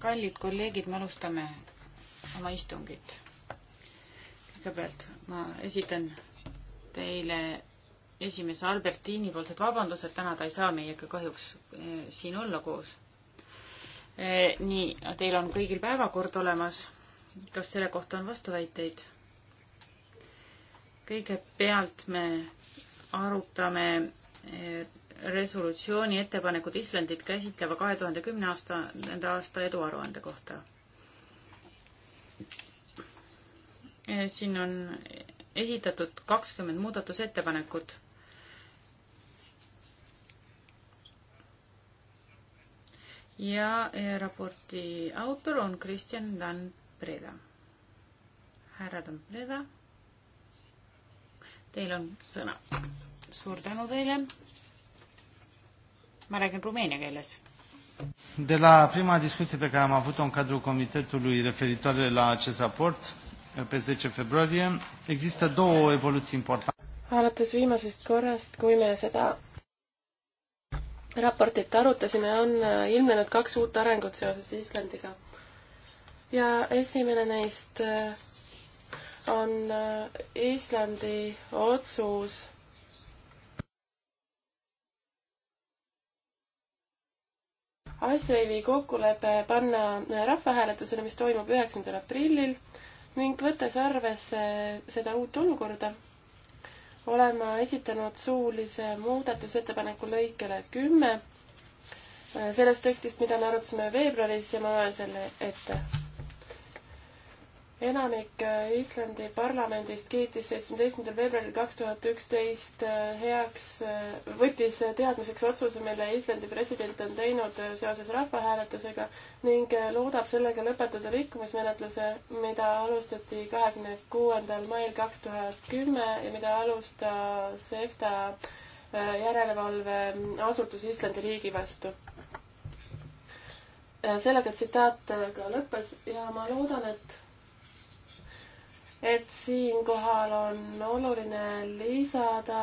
kallid kolleegid, me alustame oma istungit. kõigepealt ma esitan teile esimese Albertini poolsed vabandused, täna ta ei saa meiega kahjuks eh, siin olla koos. Eh, nii, teil on kõigil päevakord olemas. kas selle kohta on vastuväiteid? kõigepealt me arutame eh, resolutsiooni ettepanekud Islandit käsitleva kahe tuhande kümne aasta, nende aasta eduaruande kohta. Eh, siin on esitatud kakskümmend muudatusettepanekut. ja eh, raporti autor on Kristjan Dan Preda. härra Dan Preda, teil on sõna. suur tänu teile Ma räägin rumeenia keeles. De la prima discuție pe care am avut-o în cadrul comitetului referitoare la acest raport, eh, pe 10 februarie, există două evoluții importante. Alates viimasest korrast, kui me seda raportit arutasime, on eh, ilmnenud kaks uut arengut seoses Islandiga. ja esimene neist eh, on Islandi otsus asja oli kokkulepe panna rahvahääletusele, mis toimub üheksandal aprillil ning võttes arvesse seda uut olukorda, olen ma esitanud suulise muudatusettepaneku lõikele kümme äh, sellest tekstist, mida me arutasime veebruaris ja ma loen selle ette elanik äh, Islandi parlamendist kiitis seitsmeteistkümnendal veebruaril kaks tuhat üksteist äh, heaks, äh, võttis teadmiseks otsuse, mille Islandi president on teinud seoses rahvahääletusega ning loodab sellega lõpetada rikkumismenetluse, mida alustati kahekümne kuuendal mail kaks tuhat kümme ja mida alustas EFTA järelevalveasutus Islandi riigi vastu sellega tsitaat ka lõppes ja ma loodan, et et siinkohal on oluline lisada,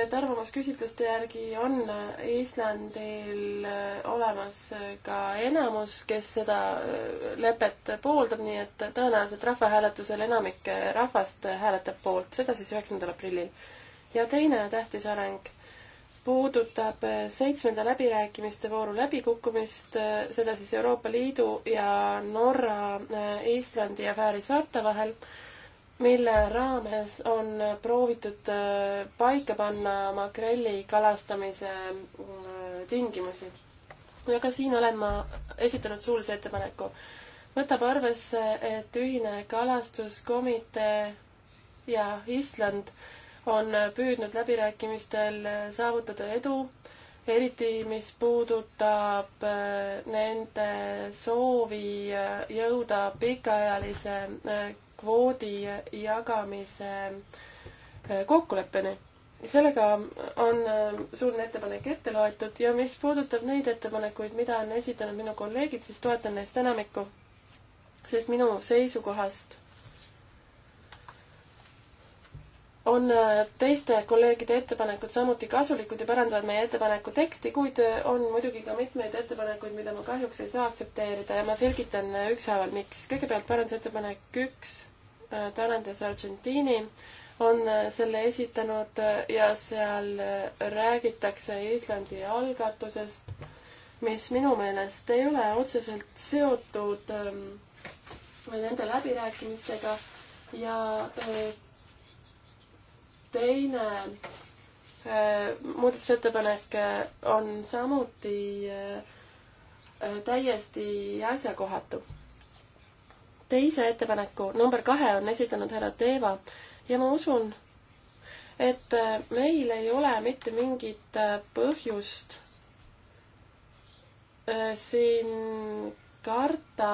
et arvamusküsitluste järgi on Islandil äh, olemas äh, ka enamus, kes seda äh, lepet pooldab, nii et tõenäoliselt rahvahääletusel enamik rahvast hääletab poolt, seda siis üheksandal aprillil. ja teine tähtis areng puudutab seitsmenda läbirääkimiste vooru läbikukkumist, seda siis Euroopa Liidu ja Norra, Islandi ja Fääri saarte vahel mille raames on proovitud äh, paika panna makrelli kalastamise äh, tingimusi. ja ka siin olen ma esitanud suulise ettepaneku. võtab arvesse, et ühine kalastuskomitee ja Island on püüdnud läbirääkimistel saavutada edu, eriti mis puudutab äh, nende soovi jõuda pikaajalise kvoodi jagamise eh, kokkuleppeni. sellega on eh, suuline ettepanek ette loetud ja mis puudutab neid ettepanekuid, mida on esitanud minu kolleegid, siis toetan neist enamikku. sest minu seisukohast on eh, teiste kolleegide ettepanekud samuti kasulikud ja parandavad meie ettepaneku teksti, kuid on muidugi ka mitmeid ettepanekuid, mida ma kahjuks ei saa aktsepteerida ja ma selgitan ükshaaval, miks. kõigepealt parandusettepanek üks Äh, Tarand ja Sargentini on äh, selle esitanud äh, ja seal räägitakse Islandi algatusest, mis minu meelest ei ole otseselt seotud ähm, nende läbirääkimistega ja teine muudatusettepanek on samuti täiesti asjakohatu teise ettepaneku, number kahe, on esitanud härra Teeva ja ma usun, et äh, meil ei ole mitte mingit äh, põhjust äh, siin karta,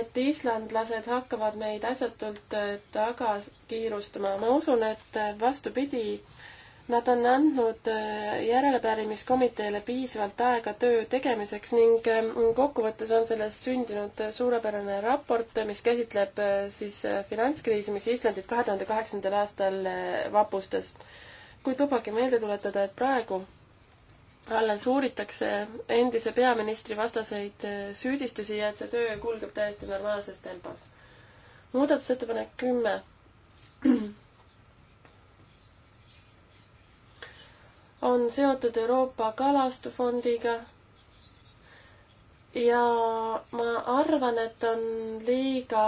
et islandlased hakkavad meid asjatult taga kiirustama. ma usun, et vastupidi, Nad on andnud äh, järelepärimiskomiteele piisavalt aega töö tegemiseks ning ähm, kokkuvõttes on sellest sündinud äh, suurepärane raport, mis käsitleb äh, siis finantskriisi, mis Islandit kahe tuhande kaheksandal aastal vapustas. kuid lubage meelde tuletada, et praegu alles uuritakse endise peaministri vastaseid süüdistusi ja et see töö kulgeb täiesti normaalses tempos. muudatusettepanek kümme on seotud Euroopa Kalastufondiga ja ma arvan, et on liiga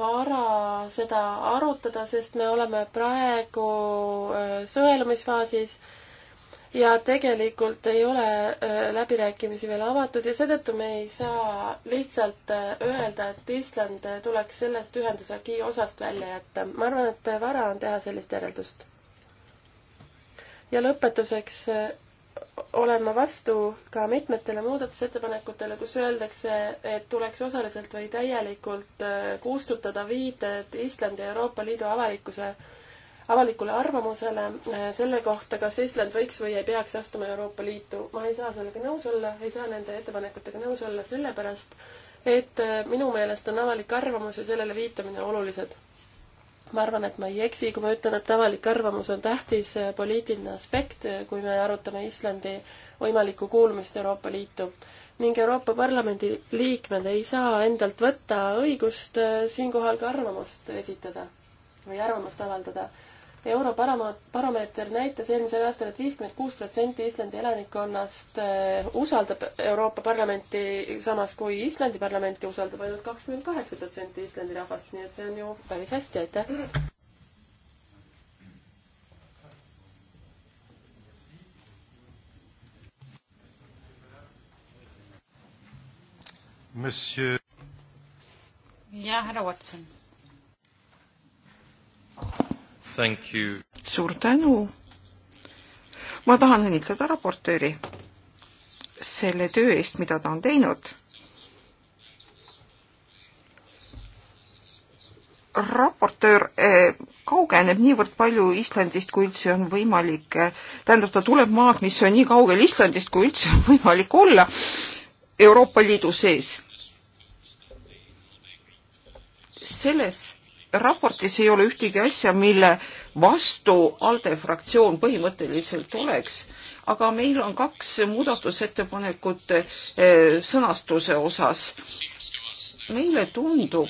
vara seda arutada, sest me oleme praegu sõelumisfaasis ja tegelikult ei ole läbirääkimisi veel avatud ja seetõttu me ei saa lihtsalt öelda, et Island tuleks sellest ühenduse osast välja jätta. ma arvan, et vara on teha sellist järeldust ja lõpetuseks eh, olen ma vastu ka mitmetele muudatusettepanekutele, kus öeldakse, et tuleks osaliselt või täielikult eh, kustutada viited Islandi ja Euroopa Liidu avalikkuse, avalikule arvamusele eh, selle kohta, kas Island võiks või ei peaks astuma Euroopa Liitu. ma ei saa sellega nõus olla, ei saa nende ettepanekutega nõus olla, sellepärast et minu meelest on avalik arvamus ja sellele viitamine olulised ma arvan, et ma ei eksi, kui ma ütlen, et avalik arvamus on tähtis eh, poliitiline aspekt, eh, kui me arutame Islandi võimalikku kuulumist Euroopa Liitu. ning Euroopa Parlamendi liikmed ei saa endalt võtta õigust eh, siinkohal ka arvamust esitada või arvamust avaldada. Eurobaromeeter näitas eelmisel aastal et, et viiskümmend kuus protsenti Islandi elanikkonnast eh, usaldab Euroopa Parlamenti, samas kui Islandi parlamenti usaldab ainult kakskümmend kaheksa protsenti Islandi rahvast, nii et see on ju päris hästi, aitäh! Monsieur. jah, härra Watson suur tänu. ma tahan õnnitleda raportööri selle töö eest, mida ta on teinud. raportöör eh, kaugeneb niivõrd palju Islandist, kui üldse on võimalik, eh, tähendab, ta tuleb maad, mis on nii kaugel Islandist, kui üldse on võimalik olla Euroopa Liidu sees. selles raportis ei ole ühtegi asja, mille vastu ALDE fraktsioon põhimõtteliselt oleks, aga meil on kaks muudatusettepanekut eh, sõnastuse osas. meile tundub,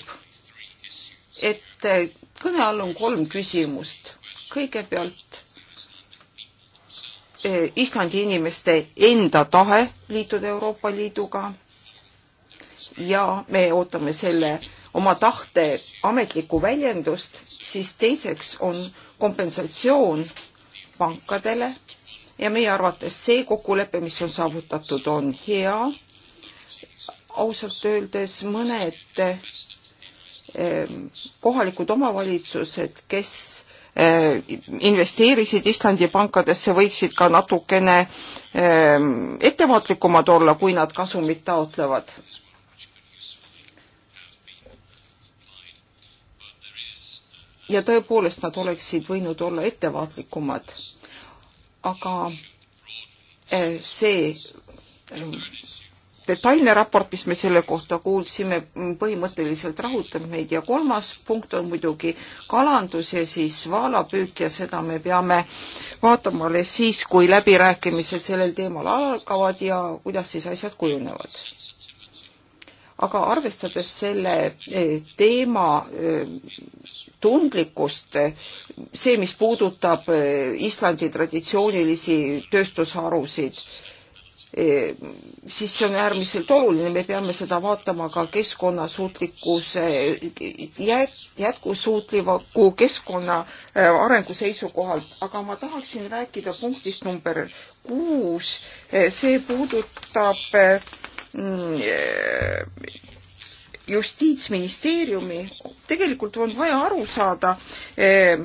et eh, kõne all on kolm küsimust. kõigepealt eh, Islandi inimeste enda tahe liituda Euroopa Liiduga ja me ootame selle oma tahte ametlikku väljendust, siis teiseks on kompensatsioon pankadele ja meie arvates see kokkulepe, mis on saavutatud, on hea. ausalt öeldes mõned ehm, kohalikud omavalitsused, kes ehm, investeerisid Islandi pankadesse, võiksid ka natukene ehm, ettevaatlikumad olla, kui nad kasumit taotlevad ja tõepoolest nad oleksid võinud olla ettevaatlikumad. aga eh, see eh, detailne raport, mis me selle kohta kuulsime, põhimõtteliselt rahutab meid ja kolmas punkt on muidugi kalandus ja siis vaalapüük ja seda me peame vaatama alles siis, kui läbirääkimised sellel teemal algavad ja kuidas siis asjad kujunevad aga arvestades selle eh, teema eh, tundlikkust, eh, see, mis puudutab Islandi traditsioonilisi tööstusharusid, siis see on äärmiselt oluline, me peame seda vaatama ka keskkonnasuutlikkuse, jätkusuutliku keskkonna arengu seisukohalt, aga ma tahaksin rääkida punktist number kuus, see puudutab Mm, eh, justiitsministeeriumi, tegelikult on vaja aru saada, eh,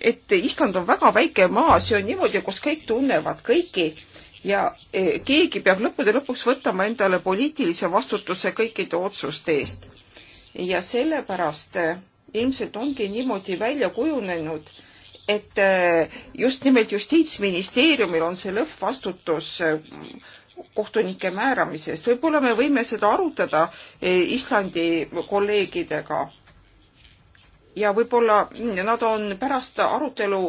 et Island on väga väike maa, see on niimoodi, kus kõik tunnevad kõiki ja eh, keegi peab lõppude lõpuks võtama endale poliitilise vastutuse kõikide otsuste eest. ja sellepärast ilmselt ongi niimoodi välja kujunenud, et just nimelt Justiitsministeeriumil on see lõppvastutus kohtunike määramisest. võib-olla me võime seda arutada eh, Islandi kolleegidega. ja võib-olla mm, nad on pärast arutelu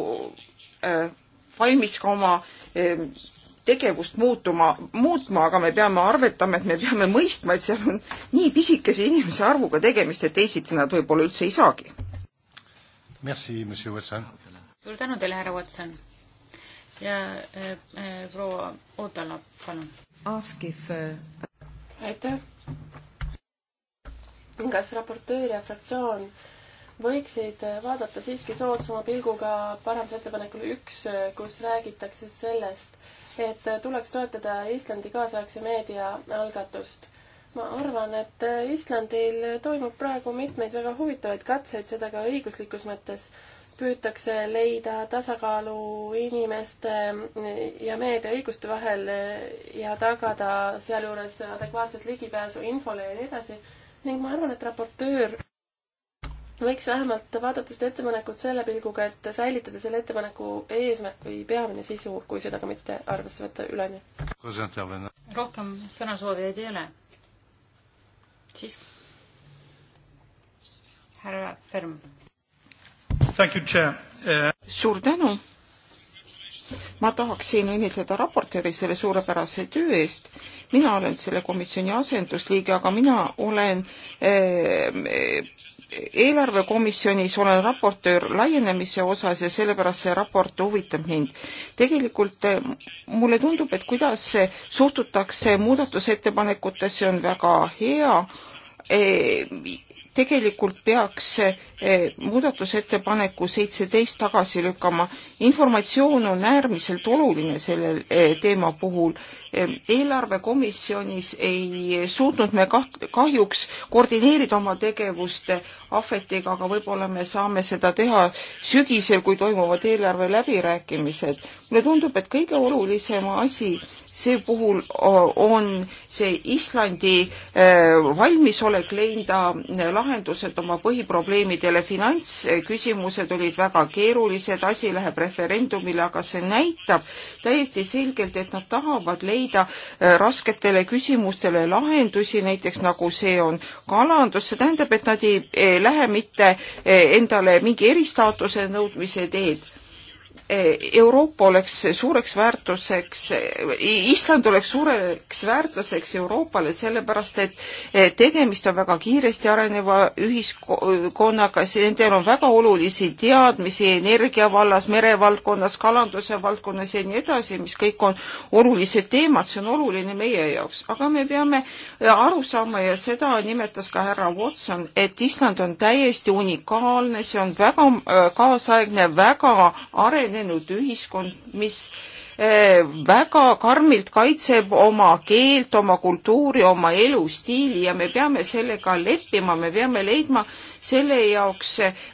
eh, valmis ka oma eh, tegevust muutuma, muutma, aga me peame arvetama, et me peame mõistma, et seal on nii pisikese inimese arvuga tegemist, et teisiti nad võib-olla üldse ei saagi. suur tänu teile, härra Watson! ja eh, eh, proua Ootala, palun. Eh, aitäh. kas raportöör ja fraktsioon võiksid vaadata siiski soodsama pilguga parandusettepanekule üks, kus räägitakse sellest, et tuleks toetada Islandi kaasaegse meedia algatust. ma arvan, et Islandil toimub praegu mitmeid väga huvitavaid katseid, seda ka õiguslikus mõttes püütakse leida tasakaalu inimeste ja meedia õiguste vahel ja tagada sealjuures adekvaatset ligipääsu infole ja nii edasi. ning ma arvan, et raportöör võiks vähemalt vaadata seda ettepanekut selle pilguga, et säilitada selle ettepaneku eesmärk või peamine sisu, kui seda ka mitte arvesse võtta üleni. rohkem sõnasoovijaid ei ole? siis härra Ferm Uh, suur tänu. ma tahaksin õnnitleda raportööri selle suurepärase töö eest. mina olen selle komisjoni asendusliige, aga mina olen äh, eelarvekomisjonis olen raportöör laienemise osas ja sellepärast see raport huvitab mind. tegelikult eh, mulle tundub, et kuidas suhtutakse muudatusettepanekutesse, on väga hea eh, tegelikult peaks eh, muudatusettepaneku seitseteist tagasi lükkama. informatsioon on äärmiselt oluline selle eh, teema puhul. Eh, eelarvekomisjonis ei suutnud me kahjuks koordineerida oma tegevust ahvetiga, aga võib-olla me saame seda teha sügisel, kui toimuvad eelarve läbirääkimised. mulle tundub, et kõige olulisem asi see puhul on see Islandi eh, valmisolek leida eh, lahendused oma põhiprobleemidele. finantsküsimused olid väga keerulised, asi läheb referendumile, aga see näitab täiesti selgelt, et nad tahavad leida eh, rasketele küsimustele lahendusi, näiteks nagu see on kalandus, see tähendab, et nad ei lähe mitte eh, endale mingi eristaatuse nõudmise teed Eh, Euroopa oleks suureks väärtuseks, Island oleks suureks väärtuseks Euroopale, sellepärast et eh, tegemist on väga kiiresti areneva ühiskonnaga, nendel on väga olulisi teadmisi energia vallas, merevaldkonnas, kalanduse valdkonnas ja nii edasi, mis kõik on olulised teemad, see on oluline meie jaoks. aga me peame eh, aru saama ja seda nimetas ka härra Watson, et Island on täiesti unikaalne, see on väga kaasaegne, väga arenev arenenud ühiskond, mis eh, väga karmilt kaitseb oma keelt, oma kultuuri, oma elustiili ja me peame sellega leppima, me peame leidma selle jaoks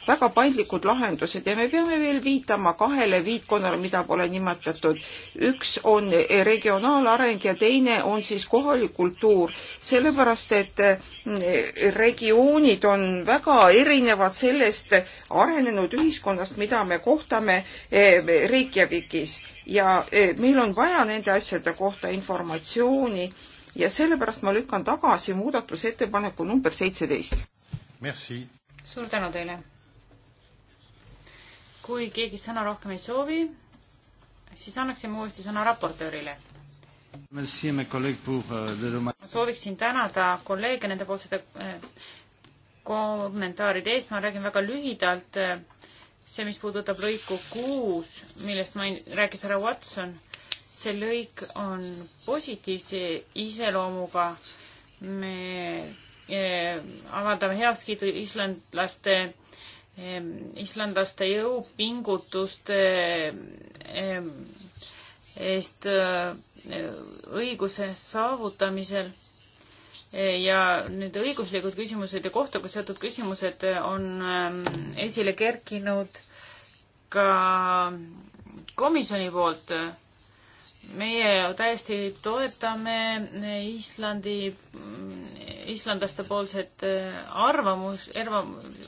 väga paindlikud lahendused ja me peame veel viitama kahele viitkonnale, mida pole nimetatud. üks on regionaalareng ja teine on siis kohalik kultuur, sellepärast et mm, regioonid on väga erinevad sellest arenenud ühiskonnast, mida me kohtame eh, Reykjavikis ja eh, meil on vaja nende asjade kohta informatsiooni ja sellepärast ma lükkan tagasi muudatusettepaneku number seitseteist suur tänu teile. kui keegi sõna rohkem ei soovi, siis annaksime uuesti sõna raportöörile. Euh, ma sooviksin tänada kolleege nendepoolsete äh, kommentaaride eest, ma räägin väga lühidalt. Äh, see, mis puudutab lõiku kuus, millest main-, rääkis härra Watson, see lõik on positiivse iseloomuga. me Eh, avaldame heakskiidu islandlaste, eh, islandlaste jõupingutuste eh, eest õiguse saavutamisel. ja need õiguslikud küsimused ja kohtuga seotud küsimused on esile kerkinud ka komisjoni poolt meie täiesti toetame Islandi, islandlaste poolset äh, arvamus,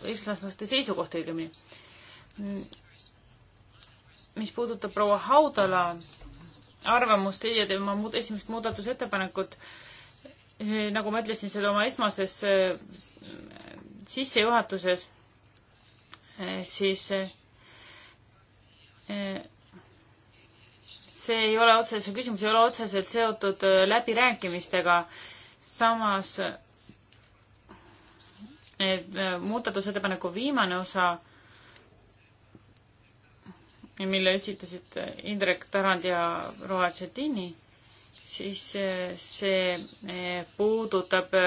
islandlaste seisukohta õigemini. mis puudutab proua Haudala arvamust ja tema muud, esimest muudatusettepanekut, eh, nagu ma ütlesin seda oma esmases eh, sissejuhatuses, eh, siis see ei ole otseselt, see küsimus ei ole otseselt seotud äh, läbirääkimistega, samas et äh, muudatusettepaneku viimane osa, mille esitasid äh, Indrek Tarand ja Roa Tšetini, siis see puudutab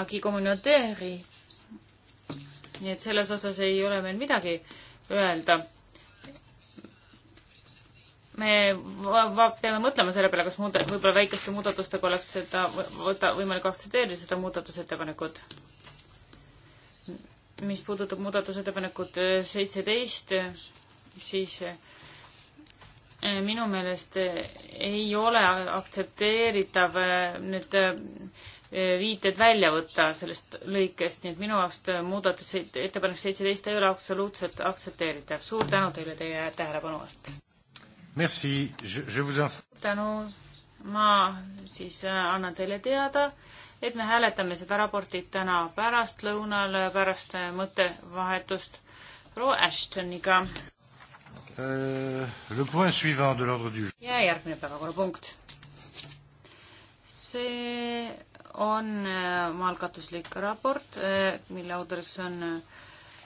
agi communautaire'i. nii et selles osas ei ole meil midagi öelda me peame mõtlema selle peale, kas muuda-, võib-olla väikeste muudatustega oleks seda, võta-, võimalik aktsepteerida seda muudatusettepanekut. mis puudutab muudatusettepanekut äh, seitseteist, siis äh, minu meelest äh, ei ole aktsepteeritav need viited välja võtta sellest lõikest, nii et minu jaoks muudatus, ettepanek seitseteist ei ole absoluutselt aktsepteeritav. suur tänu teile teie tähelepanu eest! Merci, je, je vous inf-. tänu, ma siis äh, annan teile teada, et me hääletame seda raportit täna pärastlõunal äh, pärast äh, mõttevahetust proua Ashtoniga euh,. Le point suivant de l'ordre du ja järgmine päevakorrapunkt. see on maalkatuslik raport, mille autoriks on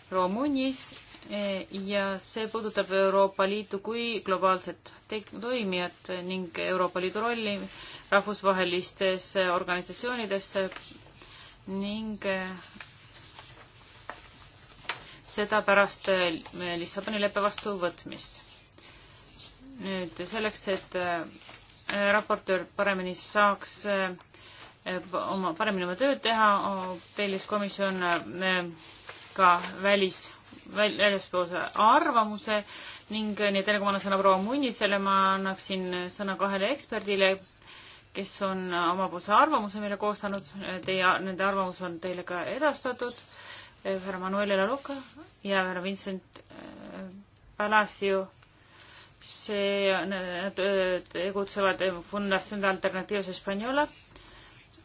proua Munnis Eh, ja see puudutab Euroopa Liitu kui globaalset toimijat ning Euroopa Liidu rolli rahvusvahelistes organisatsioonides ning eh, seda pärast eh, Lissaboni leppe vastuvõtmist. nüüd selleks, et raportöör paremini saaks oma, paremini oma tööd teha, tellis komisjon ka välis väljaspoolse arvamuse ning nii teile, kui ma annan sõna proua Munnisele, ma annaksin sõna kahele eksperdile, kes on omapoolse arvamuse meile koostanud. Teie, nende arvamus on teile ka edastatud. härra Manuel Elaluka ja härra Vincent äh, Palacio. see, nad äh, tegutsevad Fundación de Alternativos Española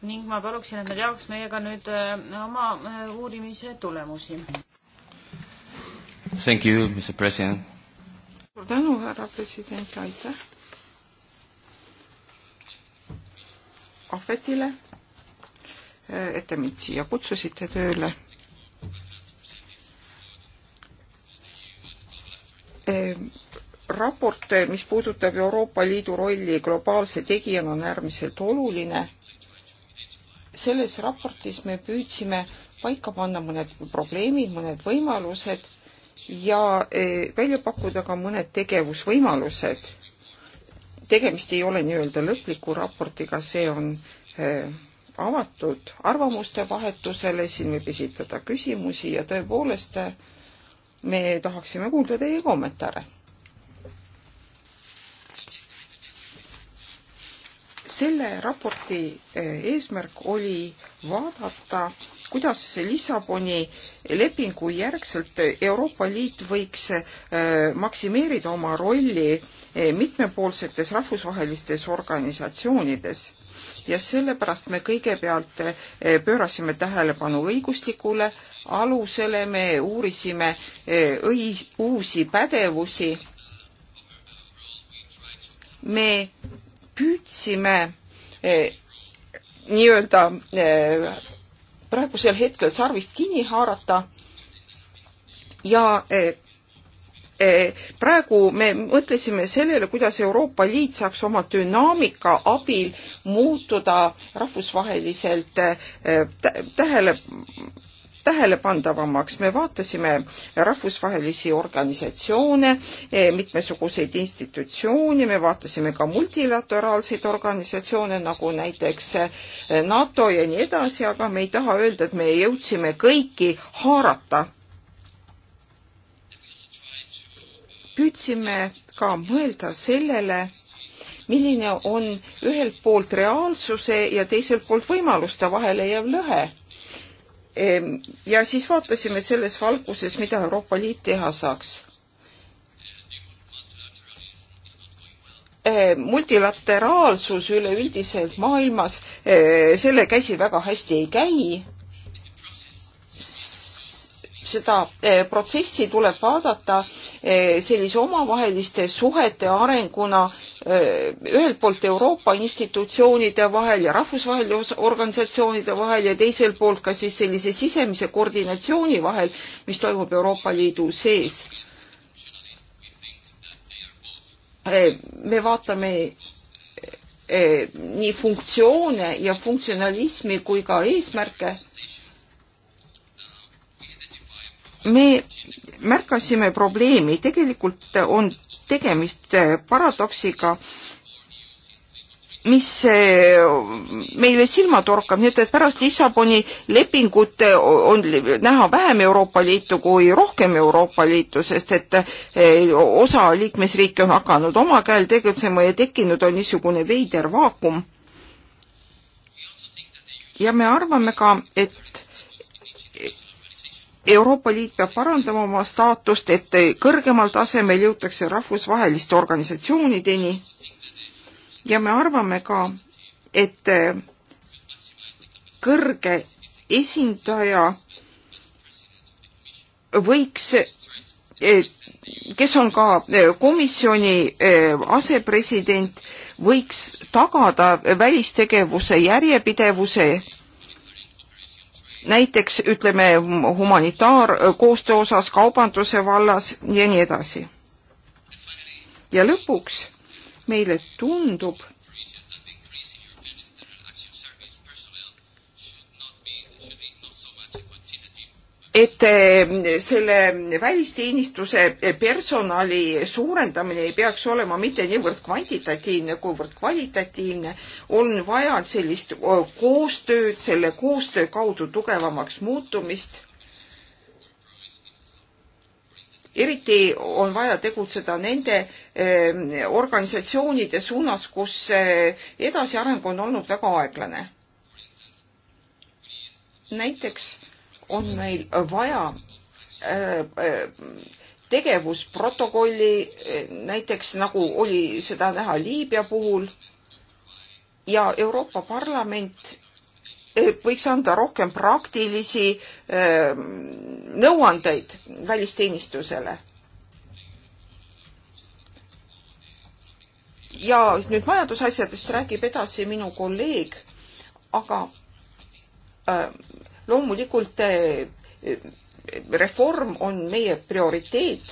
ning ma paluksin, et nad jaoks meiega nüüd äh, oma uurimise tulemusi. Thank you, Mr President. suur tänu, härra president, aitäh. ahvetile, eh, et te mind siia kutsusite tööle. Eh, raport, eh, mis puudutab Euroopa Liidu rolli globaalse tegijana, on äärmiselt oluline. selles raportis me püüdsime paika panna mõned probleemid, mõned võimalused ja eh, välja pakkuda ka mõned tegevusvõimalused. tegemist ei ole nii-öelda lõpliku raportiga, see on eh, avatud arvamuste vahetusele, siin võib esitada küsimusi ja tõepoolest eh, me tahaksime kuulda teie kommentaare selle raporti eh, eesmärk oli vaadata, kuidas Lissaboni lepingu järgselt Euroopa Liit võiks eh, maksimeerida oma rolli eh, mitmepoolsetes rahvusvahelistes organisatsioonides ja sellepärast me kõigepealt pöörasime tähelepanu õiguslikule alusele, me uurisime õi-, uusi pädevusi. me püüdsime eh, nii-öelda eh, praegusel hetkel sarvist kinni haarata ja eh, eh, praegu me mõtlesime sellele, kuidas Euroopa Liit saaks oma dünaamika abil muutuda rahvusvaheliselt eh, tähele, tähelepandavamaks. me vaatasime rahvusvahelisi organisatsioone, eh, mitmesuguseid institutsioone, me vaatasime ka multilateraalseid organisatsioone nagu näiteks eh, NATO ja nii edasi, aga me ei taha öelda, et me jõudsime kõiki haarata. püüdsime ka mõelda sellele, milline on ühelt poolt reaalsuse ja teiselt poolt võimaluste vahele jääv lõhe ja siis vaatasime selles valguses, mida Euroopa Liit teha saaks. multilateraalsus üleüldiselt maailmas, eh, selle käsi väga hästi ei käi seda eh, protsessi tuleb vaadata eh, sellise omavaheliste suhete arenguna eh, ühelt poolt Euroopa institutsioonide vahel ja rahvusvaheliste organisatsioonide vahel ja teiselt poolt ka siis sellise sisemise koordinatsiooni vahel, mis toimub Euroopa Liidu sees. me vaatame nii funktsioone ja funktsionalismi kui ka eesmärke me märkasime probleemi, tegelikult on tegemist paradoksiga, mis eh, meile silma torkab, nii et, et pärast Lissaboni lepingut eh, on näha vähem Euroopa Liitu kui rohkem Euroopa Liitu, sest et eh, osa liikmesriike on hakanud oma käel tegutsema ja tekkinud on niisugune veider vaakum. ja me arvame ka, et Euroopa Liit peab parandama oma staatust, et kõrgemal tasemel jõutakse rahvusvaheliste organisatsioonideni ja me arvame ka, et kõrge esindaja võiks, kes on ka komisjoni asepresident, võiks tagada välistegevuse järjepidevuse näiteks ütleme humanitaarkoostöö osas, kaubanduse vallas ja nii edasi. ja lõpuks meile tundub, et eh, selle välisteenistuse personali suurendamine ei peaks olema mitte niivõrd kvantitatiivne, kuivõrd kvalitatiivne, on vaja sellist eh, koostööd, selle koostöö kaudu tugevamaks muutumist. eriti on vaja tegutseda nende eh, organisatsioonide suunas, kus edasiareng on olnud väga aeglane. näiteks on meil vaja äh, äh, tegevusprotokolli, äh, näiteks nagu oli seda näha Liibüa puhul ja Euroopa Parlament võiks anda rohkem praktilisi nõuandeid välisteenistusele. ja nüüd majandusasjadest räägib edasi minu kolleeg, aga loomulikult eh, reform on meie prioriteet.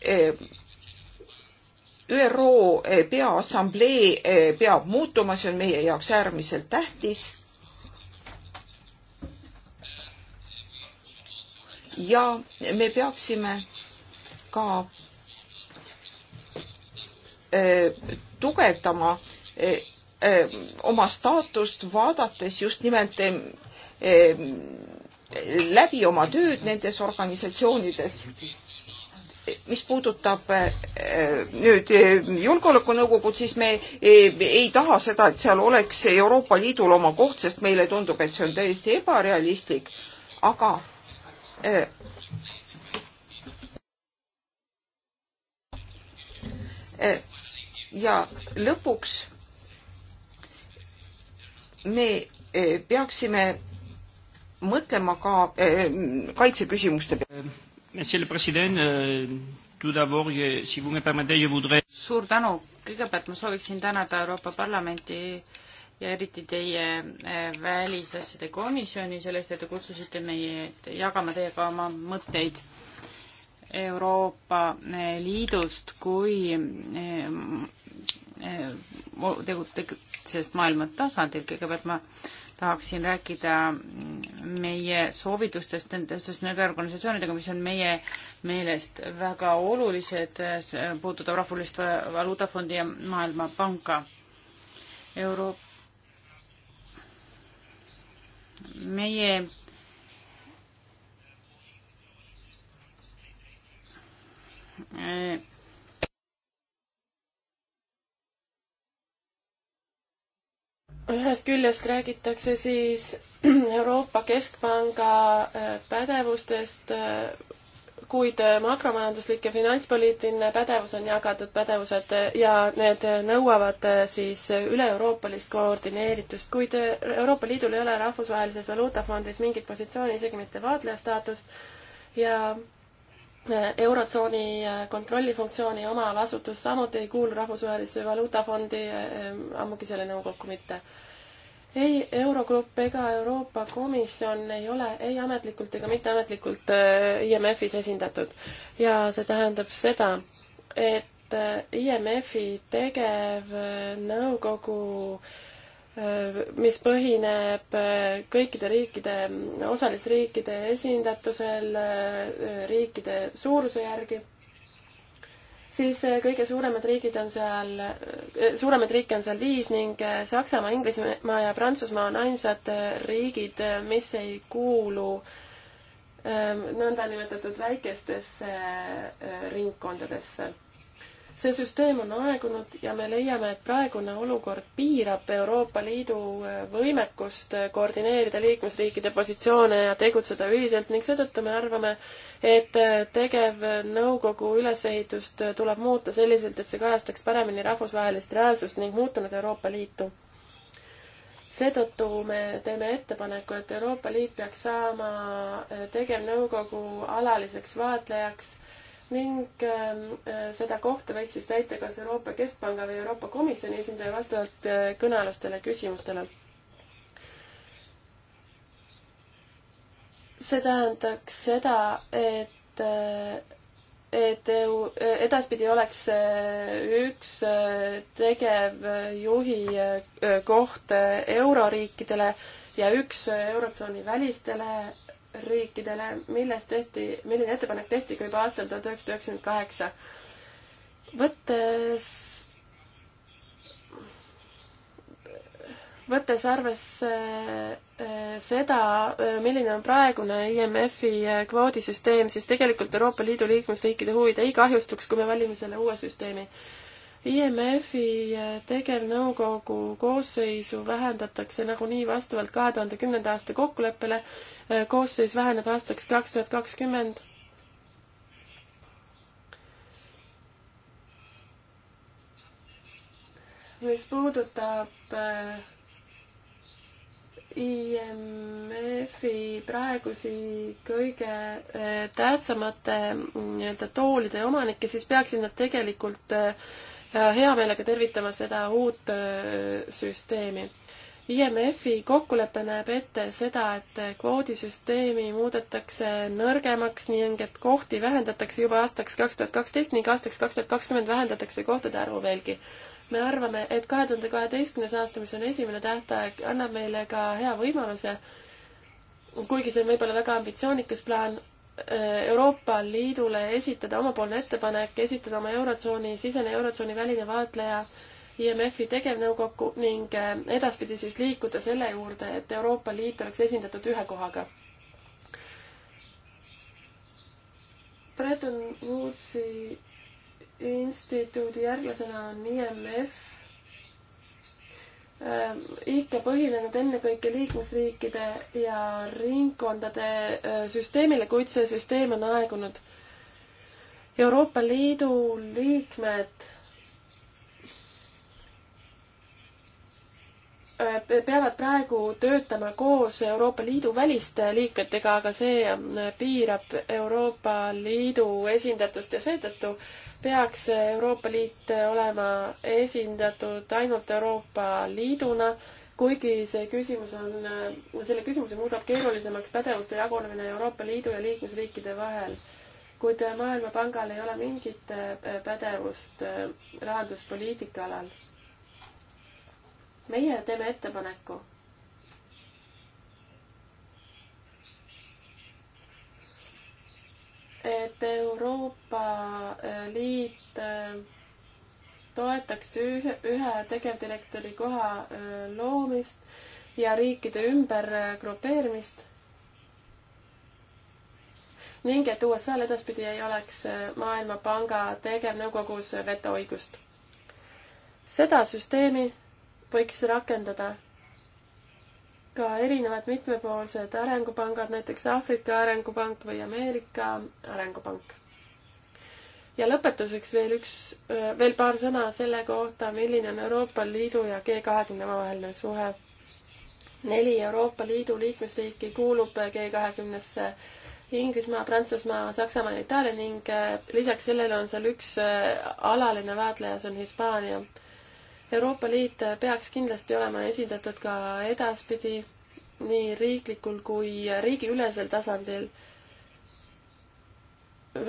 Eh, ÜRO eh, Peaassamblee peab muutuma, see on meie jaoks äärmiselt tähtis. ja me peaksime ka tugevdama Äh, oma staatust vaadates just nimelt äh, läbi oma tööd nendes organisatsioonides. mis puudutab äh, nüüd Julgeolekunõukogud, siis me ei taha seda, et seal oleks Euroopa Liidul oma koht, sest meile tundub, et see on täiesti ebarealistlik, aga ja lõpuks me eh, peaksime mõtlema ka eh, kaitseküsimuste peale. Monsieur le Président, euh, tout d'abord, si vous me permettez, je voudrais suur tänu, kõigepealt ma sooviksin tänada Euroopa Parlamenti ja eriti teie eh, välisasjade komisjoni selle eest, et te kutsusite meie, jagama teiega oma mõtteid Euroopa Liidust kui Eh, tegutsemisest maailma tasandil, kõigepealt ma tahaksin rääkida mm, meie soovitustest nendest, nende organisatsioonidega, mis on meie meelest väga olulised, eh, puudutab Rahvusvahelist Valuutafondi ja Maailmapanka. Euro-, meie äh, ühest küljest räägitakse siis Euroopa Keskpanga äh, pädevustest, äh, kuid äh, makromajanduslik ja finantspoliitiline pädevus on jagatud pädevused ja need nõuavad siis üle-euroopalist koordineeritust, kuid Euroopa Liidul ei ole Rahvusvahelises Valuutafondis mingit positsiooni, isegi mitte vaatleja staatust ja Eurotsooni äh, kontrollifunktsiooni omav asutus samuti ei kuulu Rahvusvahelisse Valuutafondi, ähm, ammugi selle nõukokku mitte. ei Eurogrupp ega Euroopa Komisjon ei ole ei ametlikult ega mitteametlikult äh, IMF-is esindatud. ja see tähendab seda, et IMF-i tegevnõukogu äh, mis põhineb kõikide riikide, osalisriikide esindatusel riikide suuruse järgi, siis kõige suuremad riigid on seal, suuremaid riike on seal viis ning Saksamaa, Inglismaa ja Prantsusmaa on ainsad riigid, mis ei kuulu ehm, nõndanimetatud väikestesse ehm, ringkondadesse see süsteem on aegunud ja me leiame, et praegune olukord piirab Euroopa Liidu äh, võimekust äh, koordineerida liikmesriikide positsioone ja tegutseda ühiselt ning seetõttu me arvame, et äh, tegevnõukogu ülesehitust tuleb muuta selliselt, et see kajastaks paremini rahvusvahelist reaalsust ning muutunud Euroopa Liitu seetõttu me teeme ettepaneku, et Euroopa Liit peaks saama tegevnõukogu alaliseks vaatlejaks ning ähm, äh, seda kohta võiks siis täita kas Euroopa Keskpanga või Euroopa Komisjoni esindaja vastavalt äh, kõnealustele küsimustele. see tähendaks seda, et, äh, et EU, edaspidi oleks üks tegevjuhi koht euroriikidele ja üks eurotsooni välistele riikidele, milles tehti, milline ettepanek tehti ka juba aastal tuhat üheksasada üheksakümmend kaheksa. võttes, võttes arvesse eh, seda, eh, milline on praegune IMF-i eh, kvoodisüsteem, siis tegelikult Euroopa Liidu liikmesriikide huvid ei kahjustuks, kui me valime selle uue süsteemi IMF-i äh, tegevnõukogu koosseisu vähendatakse nagunii vastavalt kahe tuhande kümnenda aasta kokkuleppele. Äh, koosseis väheneb aastaks kaks tuhat kakskümmend. mis puudutab äh, IMF-i praegusi kõige tähtsamate mm, nii-öelda toolide omanikke, siis peaksid nad tegelikult äh, Äh, hea meelega tervitama seda uut äh, süsteemi. IMF-i kokkulepe näeb ette seda, et kvoodisüsteemi muudetakse nõrgemaks ning et kohti vähendatakse juba aastaks kaks tuhat kaksteist ning aastaks kaks tuhat kakskümmend vähendatakse kohtade arvu veelgi. me arvame, et kahe tuhande kaheteistkümnes aasta, mis on esimene tähtaeg, annab meile ka hea võimaluse kuigi see on võib-olla väga ambitsioonikas plaan, Äh, Euroopa Liidule esitada omapoolne ettepanek, esitada oma Eurotsooni sisene, Eurotsooni väline vaatleja IMF-i tegevnõukokku ning äh, edaspidi siis liikuda selle juurde, et Euroopa Liit oleks esindatud ühe kohaga. Bretton Woodsi instituudi järglasena on IMF Äh, ikka põhinenud ennekõike liikmesriikide ja ringkondade äh, süsteemile, kuid see süsteem on aegunud. Euroopa Liidu liikmed peavad praegu töötama koos Euroopa Liidu väliste liikmetega, aga see äh, piirab Euroopa Liidu esindatust ja seetõttu peaks Euroopa Liit äh, olema esindatud ainult Euroopa Liiduna, kuigi see küsimus on, äh, selle küsimuse muudab keerulisemaks pädevuste jagunemine Euroopa Liidu ja liikmesriikide vahel. kuid Maailmapangal ei ole mingit pädevust rahanduspoliitika alal meie teeme ettepaneku. et Euroopa äh, Liit äh, toetaks ühe, ühe tegevdirektori koha äh, loomist ja riikide ümbergrupeerimist ning et USA-l edaspidi ei oleks Maailmapanga tegevnõukogus vetoõigust. seda süsteemi võiks rakendada ka erinevad mitmepoolsed arengupangad, näiteks Aafrika Arengupank või Ameerika Arengupank. ja lõpetuseks veel üks, äh, veel paar sõna selle kohta, milline on Euroopa Liidu ja G kahekümne omavaheline suhe. neli Euroopa Liidu liikmesriiki kuulub G kahekümnesse Inglismaa, Prantsusmaa, Saksamaa ja Itaalia ning äh, lisaks sellele on seal üks äh, alaline vaatleja, see on Hispaania Euroopa Liit peaks kindlasti olema esindatud ka edaspidi nii riiklikul kui riigiülesel tasandil,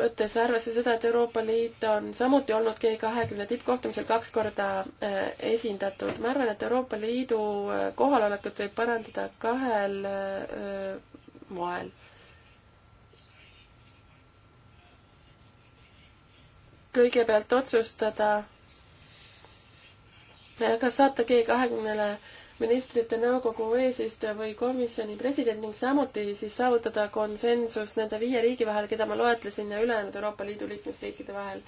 võttes arvesse seda, et Euroopa Liit on samuti olnud G kahekümne tippkohtumisel kaks korda äh, esindatud. ma arvan, et Euroopa Liidu äh, kohalolekut võib parandada kahel äh, moel kõigepealt otsustada kas saata G20-le ministrite nõukogu eesistuja või komisjoni president ning samuti siis saavutada konsensus nende viie riigi vahel, keda ma loetlesin, ja ülejäänud Euroopa Liidu liikmesriikide vahel.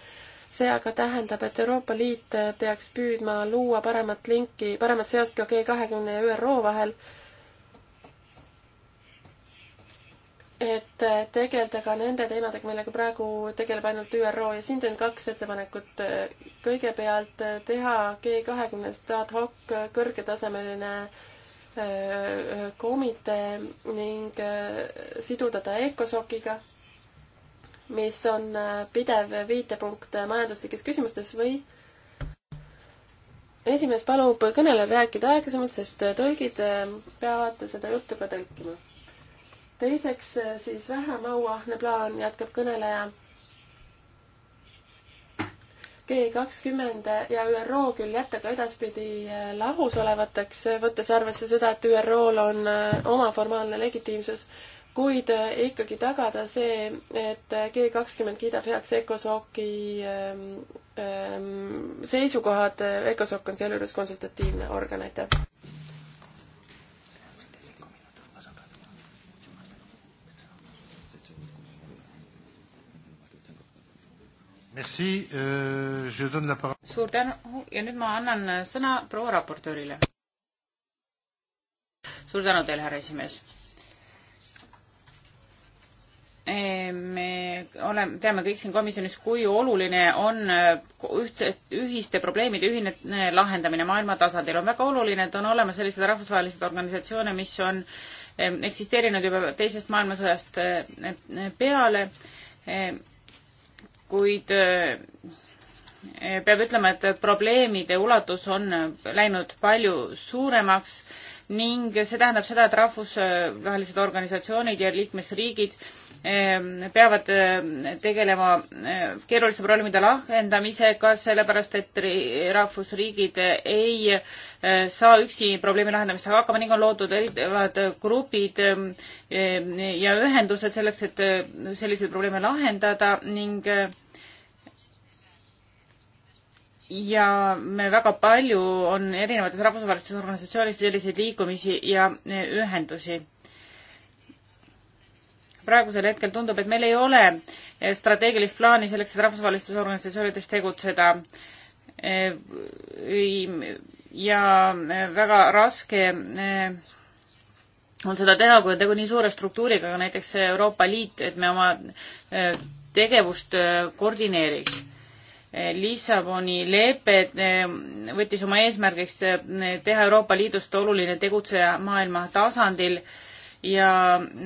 see aga tähendab, et Euroopa Liit peaks püüdma luua paremat linki, paremat seost ka G20 ja ÜRO vahel et tegeleda ka nende teemadega, millega praegu tegeleb ainult ÜRO ja siin teen kaks ettepanekut. kõigepealt teha G kahekümnest ad hoc kõrgetasemeline äh, komitee ning äh, siduda ta ECOSOC-iga, mis on äh, pidev viitepunkt majanduslikes küsimustes või esimees palub kõnelejal rääkida aeglasemalt, sest tõlgid peavad seda juttu ka tõlkima teiseks eh, siis vähem auahne plaan, jätkab kõneleja. G kakskümmend ja ÜRO küll jätta ka edaspidi eh, lahus olevateks, eh, võttes arvesse seda, et ÜRO-l on oma formaalne legitiimsus, kuid ikkagi tagada see, et G kakskümmend kiidab heaks ECOSOC-i ehm, ehm, seisukohad, ECOSOC on sealjuures konsultatiivne organ, aitäh! Merci, euh, je donne la parole. suur tänu ja nüüd ma annan sõna proua raportöörile. suur tänu teile, härra esimees. E, me oleme, teame kõik siin komisjonis, kui oluline on ühtse, ühiste probleemide ühine e, lahendamine maailma tasandil. on väga oluline, et on olemas selliseid rahvusvahelised organisatsioone, mis on e, eksisteerinud juba teisest maailmasõjast peale kuid äh, peab ütlema, et probleemide ulatus on läinud palju suuremaks ning see tähendab seda, et rahvusvahelised organisatsioonid ja liikmesriigid ähm, peavad äh, tegelema äh, keeruliste probleemide lahendamisega, sellepärast et rahvusriigid ei saa üksi probleemi lahendamistega hakkama ning on loodud erinevad grupid ähm, ja ühendused selleks, et selliseid probleeme lahendada ning ja me väga palju on erinevates rahvusvahelistes organisatsioonides selliseid liikumisi ja eh, ühendusi. praegusel hetkel tundub, et meil ei ole eh, strateegilist plaani selleks, et rahvusvahelistes organisatsioonides tegutseda. Eh, ja väga raske on seda teha, kui on tegu nii suure struktuuriga, nagu näiteks Euroopa Liit, et me oma tegevust koordineeriks Lissaboni lepe eh, võttis oma eesmärgiks eh, teha Euroopa Liidust oluline tegutseja maailma tasandil ja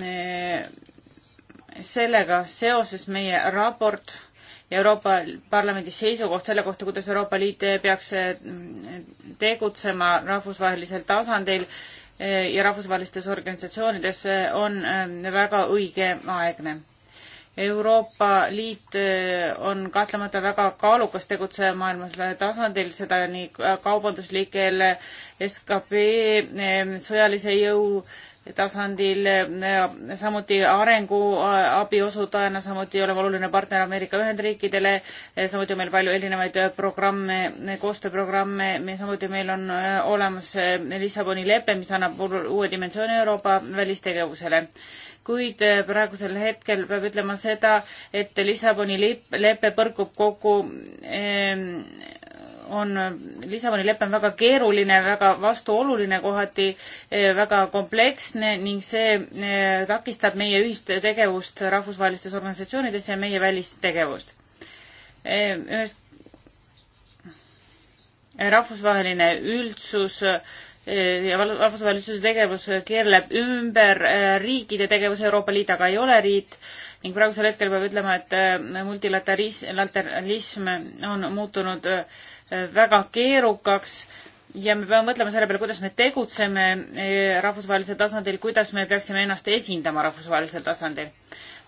eh, sellega seoses meie raport ja Euroopa Parlamendi seisukoht selle kohta, kuidas Euroopa Liit peaks tegutsema rahvusvahelisel tasandil ja rahvusvahelistes organisatsioonides on väga õigeaegne Euroopa Liit eh, on kahtlemata väga kaalukas tegutseja maailmas tasandil, seda nii kaubanduslikel, skp, eh, sõjalise jõu äh, tasandil, äh, samuti arenguabi äh, osutajana, samuti oleme oluline partner Ameerika Ühendriikidele, äh, samuti on meil palju erinevaid programme, koostööprogramme, me samuti meil on olemas Lissaboni lepe, mis annab uue dimensiooni Euroopa välistegevusele kuid praegusel hetkel peab ütlema seda, et Lissaboni lepe põrkub kokku ähm, on Lissaboni lepe on väga keeruline, väga vastuoluline kohati, eh, väga kompleksne ning see eh, takistab meie ühist tegevust rahvusvahelistes organisatsioonides ja meie välistegevust. Eh, ühest rahvusvaheline üldsus ja rahvusvahelistuse tegevus keerleb ümber riikide tegevuse, Euroopa Liit aga ei ole riit ning praegusel hetkel peab ütlema, et multilateralism on muutunud väga keerukaks ja me peame mõtlema selle peale, kuidas me tegutseme eh, rahvusvahelisel tasandil, kuidas me peaksime ennast esindama rahvusvahelisel tasandil.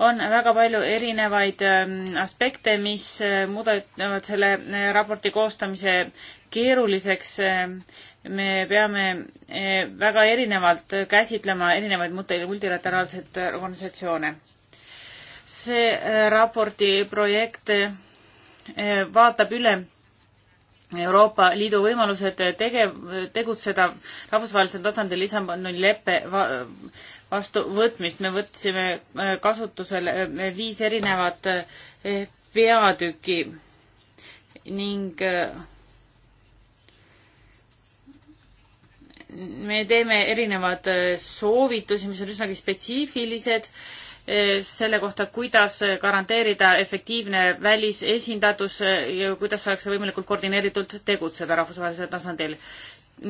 on väga palju erinevaid ehm, aspekte, mis eh, muudavad selle eh, raporti koostamise keeruliseks. Ehm, me peame väga erinevalt käsitlema erinevaid multilateraalseid organisatsioone. see raporti projekt vaatab üle Euroopa Liidu võimalused tegev, tegutseda rahvusvahelisel tasandil Lissaboni leppe vastuvõtmist. me võtsime äh, kasutusele äh, viis erinevat äh, peatüki ning me teeme erinevad soovitusi, mis on üsnagi spetsiifilised Eh, selle kohta, kuidas garanteerida efektiivne välisesindatus eh, ja kuidas saaks võimalikult koordineeritult tegutseda rahvusvahelisel tasandil.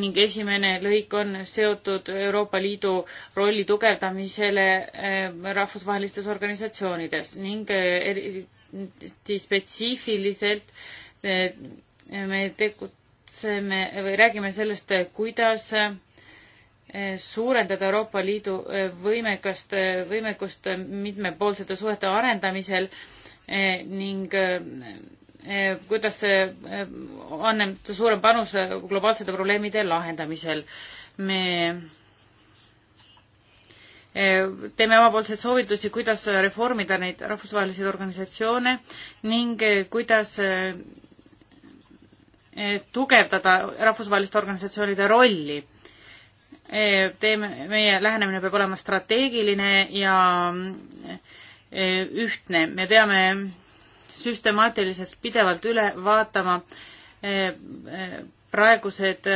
ning esimene lõik on seotud Euroopa Liidu rolli tugevdamisele eh, rahvusvahelistes organisatsioonides ning eriti spetsiifiliselt me tegutseme või räägime sellest, kuidas suurendada Euroopa Liidu äh, võimekast, äh, võimekust äh, mitmepoolsete suhete arendamisel ning kuidas see annab suurem panus globaalsete probleemide lahendamisel. me teeme omapoolseid soovitusi, kuidas reformida neid rahvusvahelisi organisatsioone ning kuidas tugevdada rahvusvaheliste organisatsioonide rolli Eh, teeme, meie lähenemine peab olema strateegiline ja eh, ühtne. me peame süstemaatiliselt pidevalt üle vaatama eh, praegused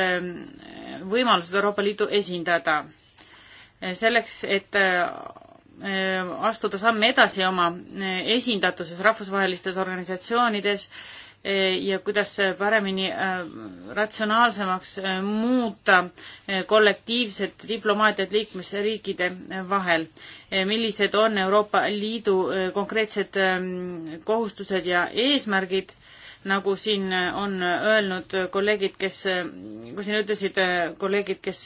võimalused Euroopa Liidu esindada. selleks, et astuda samme edasi oma esindatuses rahvusvahelistes organisatsioonides, ja kuidas paremini äh, ratsionaalsemaks äh, muuta äh, kollektiivset diplomaatiat liikmesriikide vahel. millised on Euroopa Liidu konkreetsed ähm, kohustused ja eesmärgid, nagu siin on öelnud kolleegid, kes, kui nagu siin ütlesid kolleegid, kes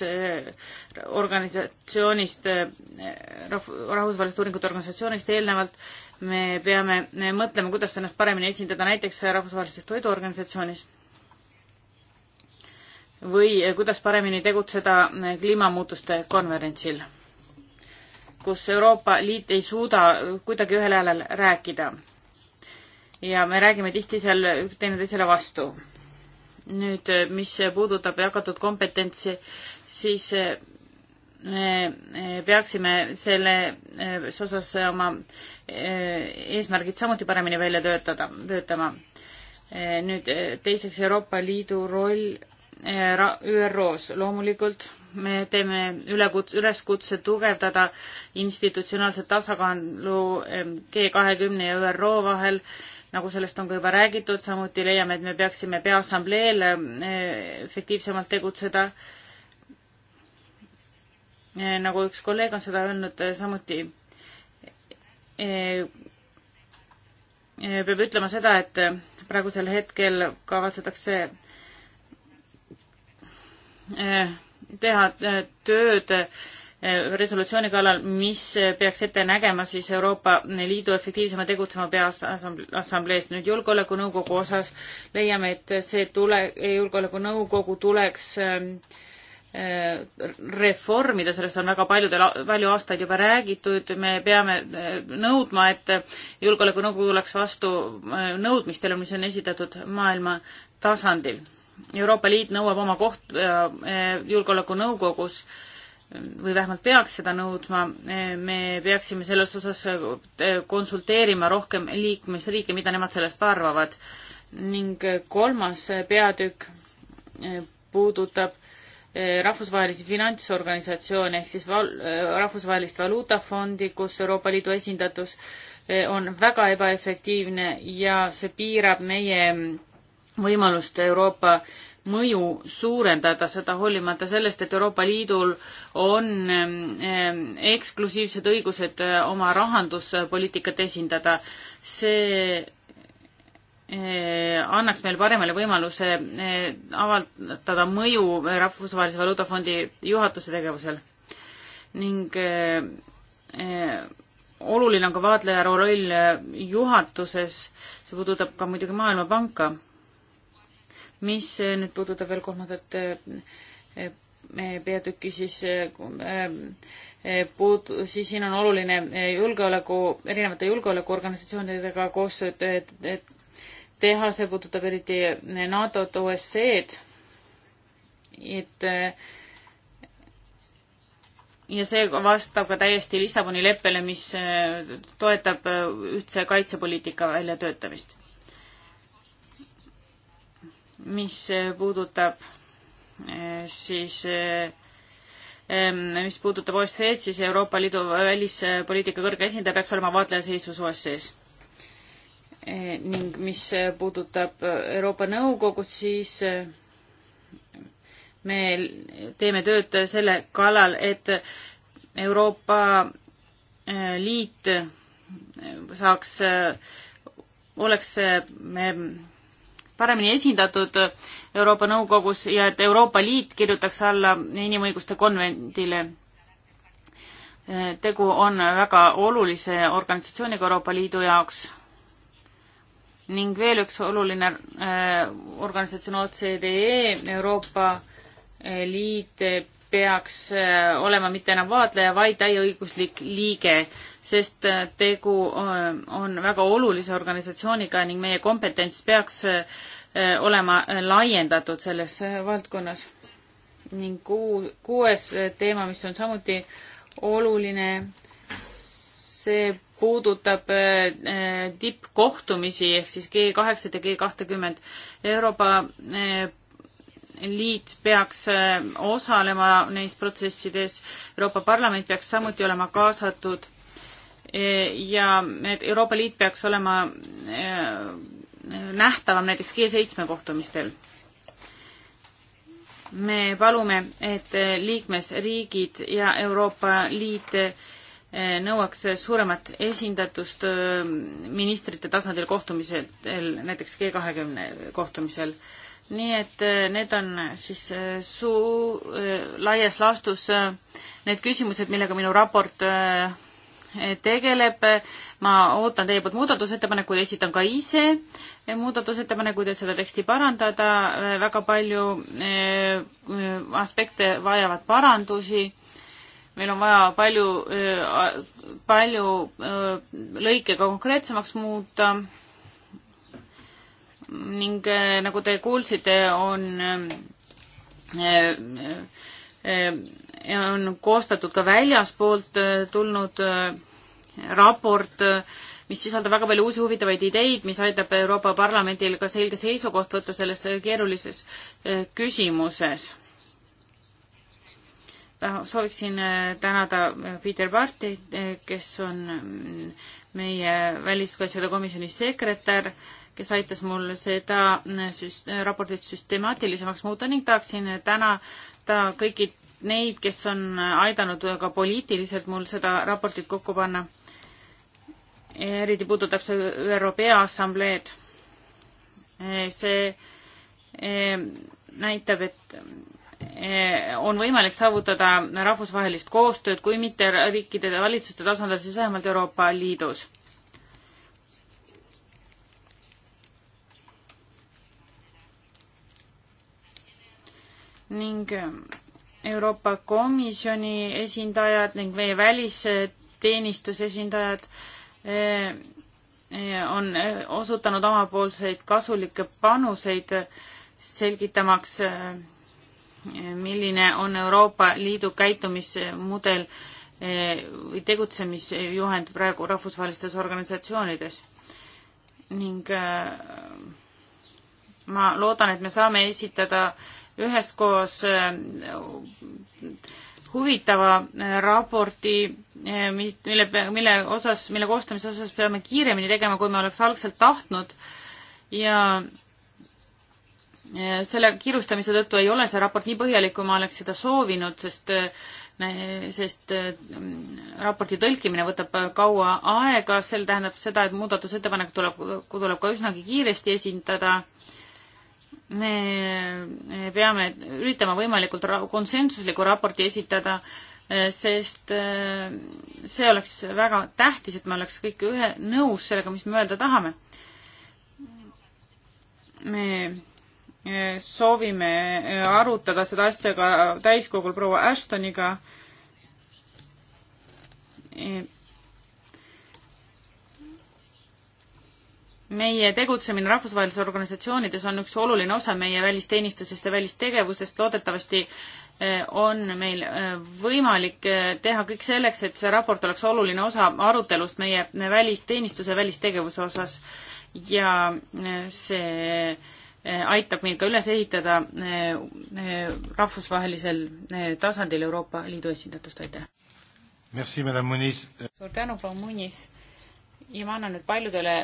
organisatsioonist, rahvusvahelisest uuringute organisatsioonist eelnevalt me peame mõtlema, kuidas ennast paremini esindada näiteks rahvusvahelises toiduorganisatsioonis või kuidas paremini tegutseda kliimamuutuste konverentsil, kus Euroopa Liit ei suuda kuidagi ühel häälel rääkida. ja me räägime tihti seal teineteisele vastu. nüüd, mis puudutab jagatud kompetentsi, siis eh, me peaksime selles eh, osas oma eh, eesmärgid samuti paremini välja töötada, töötama. Eh, nüüd teiseks Euroopa Liidu roll ÜRO-s loomulikult me teeme ülekutse, üleskutse tugevdada institutsionaalset tasakaalu G kahekümne ja ÜRO vahel nagu sellest on ka juba räägitud, samuti leiame, et me peaksime Peaassambleel efektiivsemalt tegutseda äh, Eh, nagu üks kolleeg on seda öelnud eh, samuti, eh, peab ütlema seda, et praegusel hetkel kavatsetakse teha tööd resolutsiooni kallal, mis peaks ette nägema siis Euroopa Liidu efektiivsema tegutsema peaassamblees. nüüd Julgeolekunõukogu osas leiame, et see tule, Julgeolekunõukogu tuleks äh, Äh, reformida, sellest on väga paljudel, palju aastaid juba räägitud, me peame äh, nõudma, et Julgeolekunõukogu oleks vastu äh, nõudmistele, mis on esitatud maailma tasandil. Euroopa Liit nõuab oma koht Julgeolekunõukogus või vähemalt peaks seda nõudma, me peaksime selles osas konsulteerima rohkem liikmesriike, mida nemad sellest arvavad. ning kolmas peatükk puudutab Eh, rahvusvahelisi finantsorganisatsioone ehk siis val, eh, rahvusvahelist valuutafondi, kus Euroopa Liidu esindatus eh, on väga ebaefektiivne ja see piirab meie võimalust Euroopa mõju suurendada, seda hoolimata sellest, et Euroopa Liidul on eksklusiivsed õigused oma rahanduspoliitikat esindada. see Eh, annaks meile paremale võimaluse eh, avaldada mõju Rahvusvahelise Valuutafondi juhatuse tegevusel ning eh, oluline on ka vaatleja roll juhatuses, see puudutab ka muidugi Maailmapanka. mis nüüd puudutab veel kolmandat peatükki, siis puud-, siis siin on oluline julgeoleku, erinevate julgeolekuorganisatsioonidega koostööd teha, see puudutab eriti NATO-t, OSCE-d, et eh, ja see vastab ka täiesti Lissaboni leppele, mis eh, toetab eh, ühtse kaitsepoliitika väljatöötamist. mis puudutab siis mis puudutab OSCE-d, siis Euroopa Liidu välispoliitika kõrge esindaja peaks olema vaatleja seisus OSCE-s. Eh, ning mis eh, puudutab eh, Euroopa Nõukogu, siis me teeme tööd selle kallal, et Euroopa Liit saaks, oleks paremini esindatud Euroopa Nõukogus ja et Euroopa Liit kirjutaks alla inimõiguste konvendile. tegu on väga olulise organisatsiooniga Euroopa Liidu jaoks ning veel üks oluline äh, organisatsioon OCDE, Euroopa äh, Liit peaks äh, olema mitte enam vaatleja, vaid täieõiguslik liige, sest äh, tegu on, äh, on väga olulise organisatsiooniga ning meie kompetents peaks äh, olema äh, laiendatud selles valdkonnas. ning kuu, kuues teema, mis on samuti oluline äh, see puudutab äh, tippkohtumisi ehk siis G kaheksat ja G kahtekümmend. Euroopa äh, Liit peaks äh, osalema neis protsessides, Euroopa Parlament peaks samuti olema kaasatud ja need Euroopa Liit peaks olema nähtavam näiteks G seitsme kohtumistel. me palume, et liikmesriigid ja Euroopa Liit nõuaks suuremat esindatust äh, ministrite tasandil kohtumisel, näiteks G kahekümne kohtumisel. nii et äh, need on siis äh, suu-, laias laastus need küsimused, millega minu raport tegeleb, ma ootan teie poolt muudatusettepanekuid, esitan ka ise muudatusettepanekuid, et seda teksti parandada, väga palju aspekte vajavad parandusi meil on vaja palju, äh, palju äh, lõike ka konkreetsemaks muuta. ning äh, nagu te kuulsite, on, on koostatud ka väljaspoolt tulnud raport, mis sisaldab väga palju uusi huvitavaid ideid, mis aitab Euroopa Parlamendil ka selge seisukoht võtta selles keerulises küsimuses Ah, sooviksin äh, tänada äh, Peter Barti, äh, kes on mm, meie väliskaitsjate komisjoni sekretär, kes aitas mul seda süst-, raportit süstemaatilisemaks muuta ning tahaksin tänada kõiki neid, kes on aidanud ka poliitiliselt mul seda raportit kokku panna. eriti puudutab see ÜRO Peaassambleed. see näitab, et Eh, on võimalik saavutada rahvusvahelist koostööd, kui mitte riikide valitsuste tasandil, siis vähemalt Euroopa Liidus. ning eh, Euroopa Komisjoni esindajad ning meie välisteenistuse esindajad eh, on osutanud omapoolseid kasulikke panuseid selgitamaks milline on Euroopa Liidu käitumismudel eh, või tegutsemisjuhend praegu rahvusvahelistes organisatsioonides. ning eh, ma loodan, et me saame esitada üheskoos eh, huvitava raporti, mille, mille osas, mille koostamise osas peame kiiremini tegema, kui me oleks algselt tahtnud ja Äh, selle kiirustamise tõttu ei ole see raport nii põhjalik, kui ma oleks seda soovinud, sest äh, sest äh, raporti tõlkimine võtab kaua aega, see tähendab seda, et muudatusettepanek tuleb, tuleb ka üsnagi kiiresti esindada. me peame üritama võimalikult konsensusliku raporti esitada, sest see oleks väga tähtis, et me oleks kõik ühe nõus sellega, mis me öelda tahame. me soovime äh, arutada seda asja ka täiskogul proua Ashtoniga. meie tegutsemine rahvusvahelises organisatsioonides on üks oluline osa meie välisteenistusest ja välistegevusest. loodetavasti äh, on meil äh, võimalik teha kõik selleks, et see raport oleks oluline osa arutelust meie välisteenistuse välistegevuse osas ja see Eh, aitab meil ka üles ehitada eh, eh, rahvusvahelisel tasandil Euroopa Liidu esindatust, aitäh! suur tänu, proua Munis! ja ma annan nüüd paljudele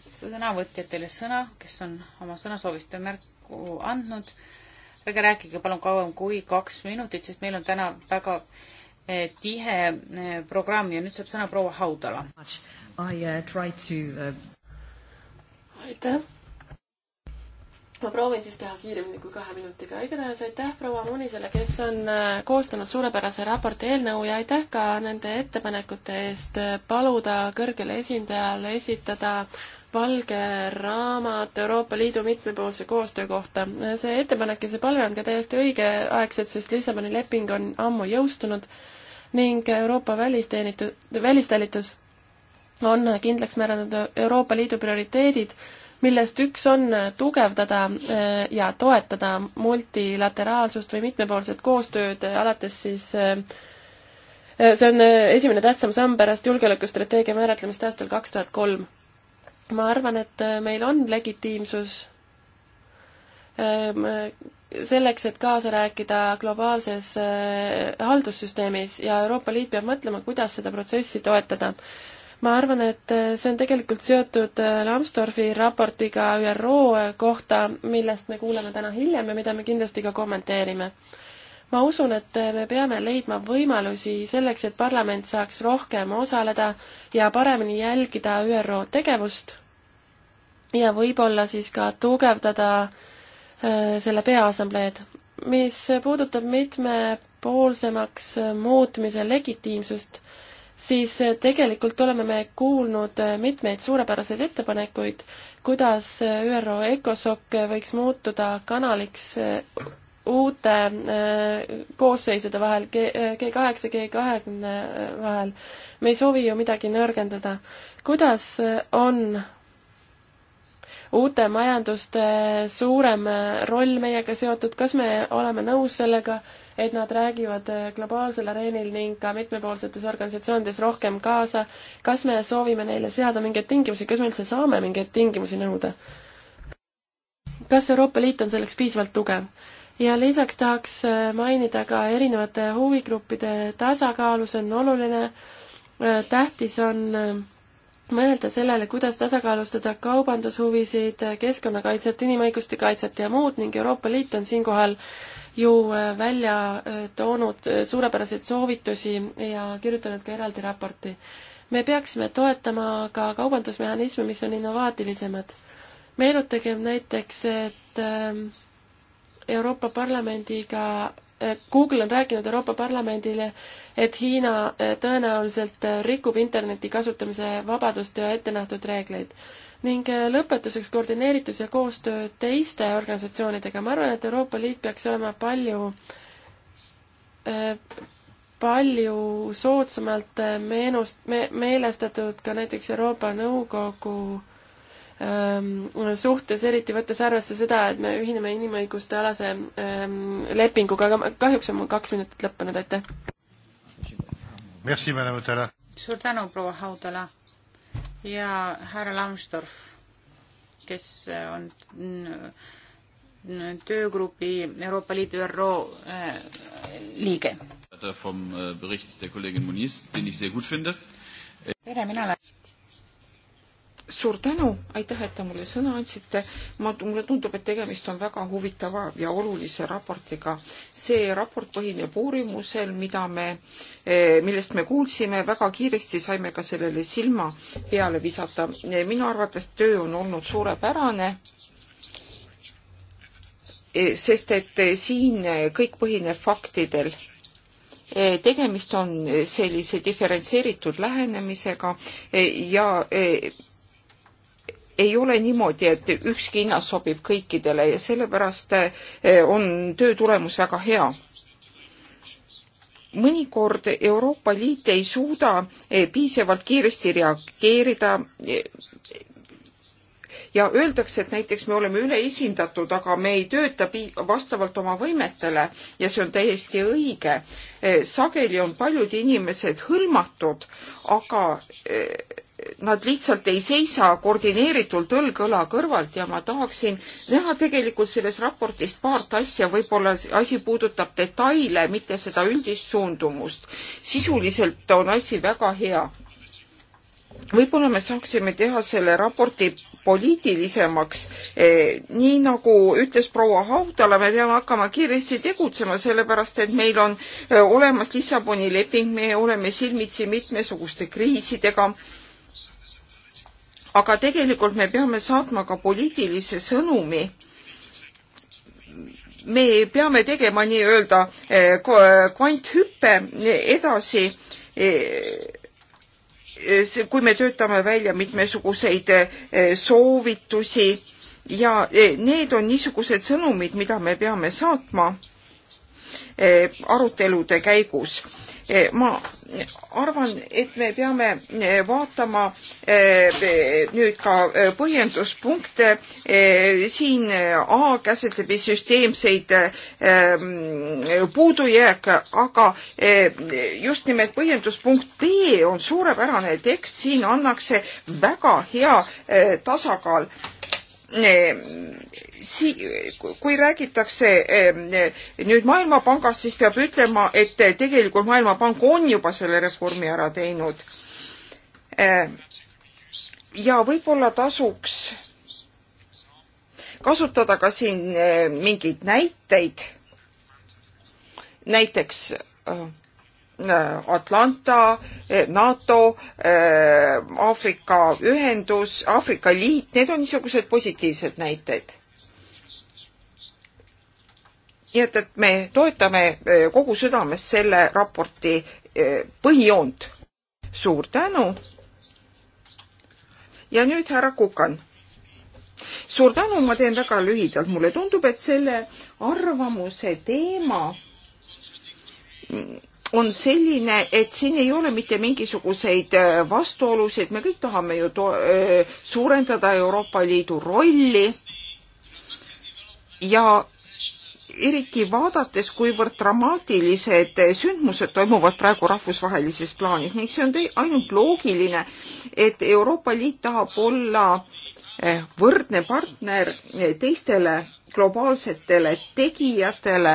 sõnavõtjatele sõna, kes on oma sõnasoovist märku andnud. ärge rääkige palun kauem kui kaks minutit, sest meil on täna väga tihe programm ja nüüd saab sõna proua Haudala. Uh, uh, aitäh! ma proovin siis teha kiiremini kui kahe minutiga. igatahes aitäh proua Munisele, kes on äh, koostanud suurepärase raporti eelnõu ja aitäh ka nende ettepanekute eest äh, paluda kõrgele esindajale esitada valge raamat Euroopa Liidu mitmepoolse koostöö kohta. Äh, see ettepanek ja see palve on ka täiesti õigeaegsed, sest Lissaboni leping on ammu jõustunud ning Euroopa välisteenitu-, välistalitus on kindlaks määranud Euroopa Liidu prioriteedid millest üks on tugevdada äh, ja toetada multilateraalsust või mitmepoolset koostööd, äh, alates siis äh, see on esimene tähtsam samm pärast julgeolekustrateegia määratlemist aastal kaks tuhat kolm. ma arvan, et meil on legitiimsus ähm, selleks, et kaasa rääkida globaalses haldussüsteemis ja Euroopa Liit peab mõtlema, kuidas seda protsessi toetada ma arvan, et äh, see on tegelikult seotud äh, Lambsdorfi raportiga ÜRO äh, kohta, millest me kuuleme täna hiljem ja mida me kindlasti ka kommenteerime. ma usun, et me peame leidma võimalusi selleks, et parlament saaks rohkem osaleda ja paremini jälgida ÜRO tegevust ja võib-olla siis ka tugevdada selle peaassambleed. mis puudutab mitmepoolsemaks muutmise legitiimsust, siis eh, tegelikult oleme me kuulnud eh, mitmeid suurepäraseid ettepanekuid, kuidas eh, ÜRO ECOSOC võiks muutuda kanaliks uute koosseisude vahel, G kaheksa, G kahekümne vahel. me ei soovi ju midagi nõrgendada. kuidas on uute majanduste suurem roll meiega seotud, kas me oleme nõus sellega, et nad räägivad globaalsel areenil ning ka mitmepoolsetes organisatsioonides rohkem kaasa, kas me soovime neile seada mingeid tingimusi, kas me üldse saame mingeid tingimusi nõuda? kas Euroopa Liit on selleks piisavalt tugev? ja lisaks tahaks mainida ka erinevate huvigruppide tasakaalu, see on oluline, tähtis on mõelda sellele, kuidas tasakaalustada kaubandushuvisid, keskkonnakaitset, inimõiguste kaitset ja muud ning Euroopa Liit on siinkohal ju äh, välja äh, toonud äh, suurepäraseid soovitusi ja kirjutanud ka eraldi raporti. me peaksime toetama ka kaubandusmehhanisme, mis on innovaatilisemad. meenutagem näiteks, et ähm, Euroopa Parlamendiga Google on rääkinud Euroopa Parlamendile, et Hiina eh, tõenäoliselt eh, rikub interneti kasutamise vabadust ja ettenähtud reegleid. ning eh, lõpetuseks koordineeritus ja koostöö teiste organisatsioonidega. ma arvan, et Euroopa Liit peaks olema palju palju soodsamalt meenust me,, meelestatud ka näiteks Euroopa Nõukogu äh, Ähm, suhtes, eriti võttes arvesse seda, et me ühineme inimõiguste alase ähm, lepinguga, aga kahjuks on mul kaks minutit lõppenud, aitäh! suur tänu, proua Haudala ja härra Lambsdorff, kes äh, on töögrupi Euroopa Liidu ÜRO äh, liige. Äh, tere, mina olen suur tänu, aitäh, et te mulle sõna andsite. ma, mulle tundub, et tegemist on väga huvitava ja olulise raportiga. see raport põhineb uurimusel, mida me, eh, millest me kuulsime, väga kiiresti saime ka sellele silma peale visata. Eh, minu arvates töö on olnud suurepärane eh, sest et siin kõik põhineb faktidel. tegemist on sellise diferentseeritud lähenemisega ja ei ole niimoodi, et ükski hinnas sobib kõikidele ja sellepärast eh, on töö tulemus väga hea. mõnikord Euroopa Liit ei suuda eh, piisavalt kiiresti reageerida eh, ja öeldakse, et näiteks me oleme üleesindatud, aga me ei tööta vastavalt oma võimetele ja see on täiesti õige. sageli on paljud inimesed hõlmatud, aga nad lihtsalt ei seisa koordineeritult õlg õla kõrvalt ja ma tahaksin näha tegelikult selles raportis paart asja, võib-olla asi puudutab detaile, mitte seda üldist suundumust. sisuliselt on asi väga hea. võib-olla me saaksime teha selle raporti poliitilisemaks. E, nii nagu ütles proua Haudala, me peame hakkama kiiresti tegutsema, sellepärast et meil on e, olemas Lissaboni leping, me oleme silmitsi mitmesuguste kriisidega aga tegelikult me peame saatma ka poliitilise sõnumi. me peame tegema nii-öelda eh, kvanthüppe edasi eh, kui me töötame välja mitmesuguseid eh, soovitusi ja need on niisugused sõnumid, mida me peame saatma arutelude käigus. Eh, ma arvan, et me peame eh, vaatama eh, nüüd ka põhjenduspunkte. siin A käsitleb süsteemseid mm, puudujääke, aga just nimelt põhjenduspunkt B on suurepärane tekst, siin annakse väga hea tasakaal si-, kui räägitakse nüüd Maailmapangast, siis peab ütlema, et tegelikult Maailmapank on juba selle reformi ära teinud. ja võib-olla tasuks kasutada ka siin mingeid näiteid, näiteks Äh, Atlanta, äh, NATO, äh, Aafrika Ühendus, Aafrika Liit, need on niisugused positiivsed näited. nii et, et me toetame kogu südamest selle raporti põhijoont. suur tänu. ja nüüd härra Kukan. suur tänu, ma teen väga lühidalt, mulle tundub, et selle arvamuse teema on selline, et siin ei ole mitte mingisuguseid äh, vastuolusid, me kõik tahame ju to-, äh, suurendada Euroopa Liidu rolli ja eriti vaadates, kuivõrd dramaatilised äh, sündmused toimuvad praegu rahvusvahelises plaanis ning see on ainult loogiline, et Euroopa Liit tahab olla võrdne partner teistele globaalsetele tegijatele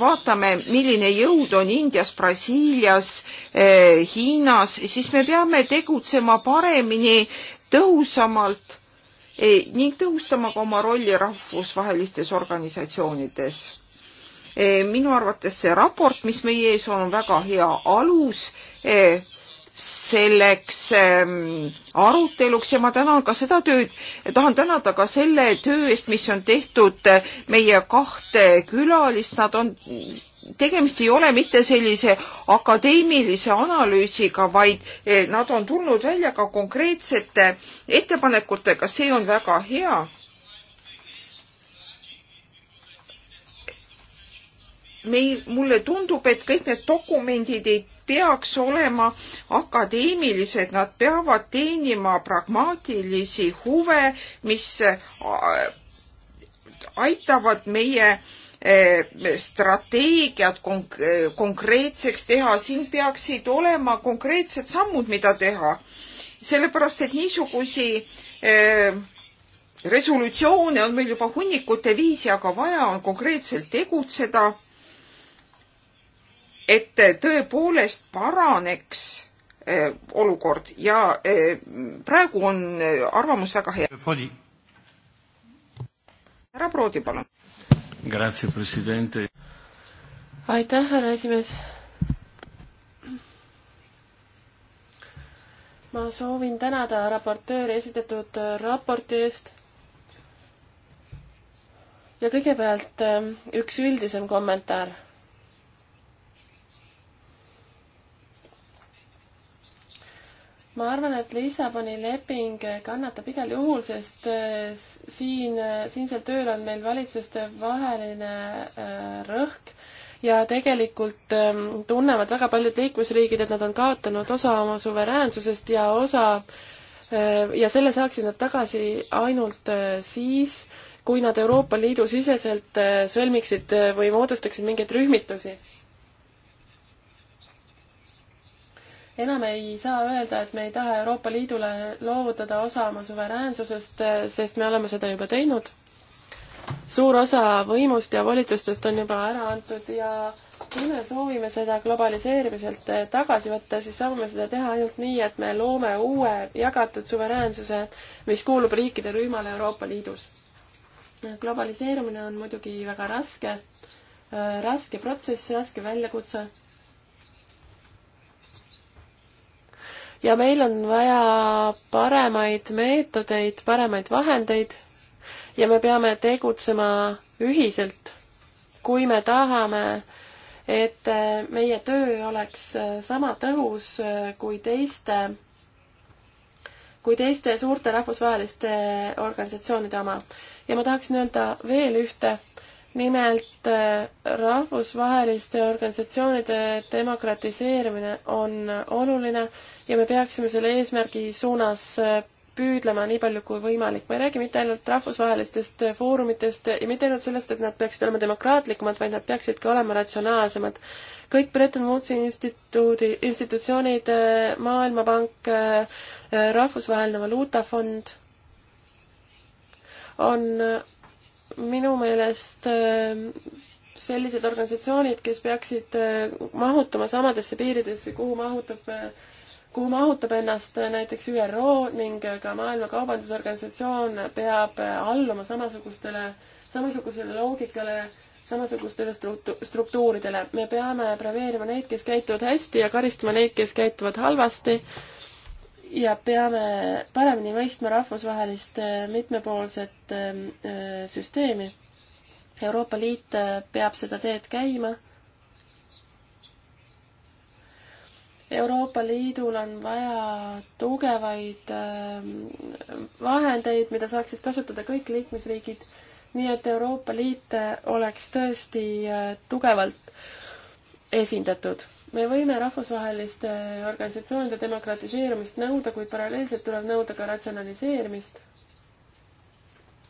vaatame, milline jõud on Indias, Brasiilias, eh, Hiinas, siis me peame tegutsema paremini, tõhusamalt eh, ning tõhustama ka oma rolli rahvusvahelistes organisatsioonides. Eh, minu arvates see raport, mis meie ees on, on väga hea alus selleks ähm, aruteluks ja ma tänan ka seda tööd, tahan tänada ka selle töö eest, mis on tehtud äh, meie kahte külalist, nad on, tegemist ei ole mitte sellise akadeemilise analüüsiga, vaid äh, nad on tulnud välja ka konkreetsete ettepanekutega, see on väga hea. meil, mulle tundub, et kõik need dokumendid ei peaks olema akadeemilised, nad peavad teenima pragmaatilisi huve, mis äh, aitavad meie äh, strateegiat konk-, konkreetseks teha, siin peaksid olema konkreetsed sammud, mida teha. sellepärast, et niisugusi äh, resolutsioone on meil juba hunnikute viisi, aga vaja on konkreetselt tegutseda et tõepoolest paraneks eh, olukord ja eh, praegu on eh, arvamus väga hea. härra Proodi, palun. aitäh, härra esimees. ma soovin tänada raportööri esitatud raporti eest. ja kõigepealt üks üldisem kommentaar ma arvan, et Lissaboni leping kannatab igal juhul, sest äh, siin, äh, siinsel tööl on meil valitsuste vaheline äh, rõhk ja tegelikult ähm, tunnevad väga paljud liikmesriigid, et nad on kaotanud osa oma suveräänsusest ja osa ja selle saaksid nad tagasi ainult siis, kui nad Euroopa Liidu siseselt sõlmiksid või moodustaksid mingeid rühmitusi enam ei saa öelda, et me ei taha Euroopa Liidule loovutada osa oma suveräänsusest, sest me oleme seda juba teinud. suur osa võimust ja volitustest on juba ära antud ja kui me soovime seda globaliseerimiselt tagasi võtta, siis saame seda teha ainult nii, et me loome uue jagatud suveräänsuse, mis kuulub riikide rühmale Euroopa Liidus. globaliseerumine on muidugi väga raske, raske protsess, raske väljakutse ja meil on vaja paremaid meetodeid, paremaid vahendeid ja me peame tegutsema ühiselt, kui me tahame, et eh, meie töö oleks eh, sama tõhus eh, kui teiste, kui teiste suurte rahvusvaheliste organisatsioonide oma. ja ma tahaksin öelda veel ühte nimelt äh, rahvusvaheliste organisatsioonide demokratiseerimine on oluline ja me peaksime selle eesmärgi suunas äh, püüdlema nii palju kui võimalik. ma ei räägi mitte ainult rahvusvahelistest äh, foorumitest ja mitte ainult sellest, et nad peaksid olema demokraatlikumad, vaid nad peaksid ka olema ratsionaalsemad. kõik Bretton Woodsi instituudi, institutsioonid, Maailmapank, Rahvusvaheline Valuutafond on minu meelest ähm, sellised organisatsioonid, kes peaksid äh, mahutama samadesse piiridesse, kuhu mahutab, äh, kuhu mahutab ennast äh, näiteks ÜRO ning ka Maailma Kaubandusorganisatsioon, peab alluma samasugustele, samasugusele loogikale, samasugustele struktu-, struktuuridele. me peame premeerima neid, kes käituvad hästi ja karistama neid, kes käituvad halvasti ja peame paremini mõistma rahvusvahelist äh, mitmepoolset ähm, äh, süsteemi. Euroopa Liit äh, peab seda teed käima. Euroopa Liidul on vaja tugevaid ähm, vahendeid, mida saaksid kasutada kõik liikmesriigid, nii et Euroopa Liit oleks tõesti tugevalt esindatud me võime rahvusvaheliste organisatsioonide demokratiseerumist nõuda, kuid paralleelselt tuleb nõuda ka ratsionaliseerimist.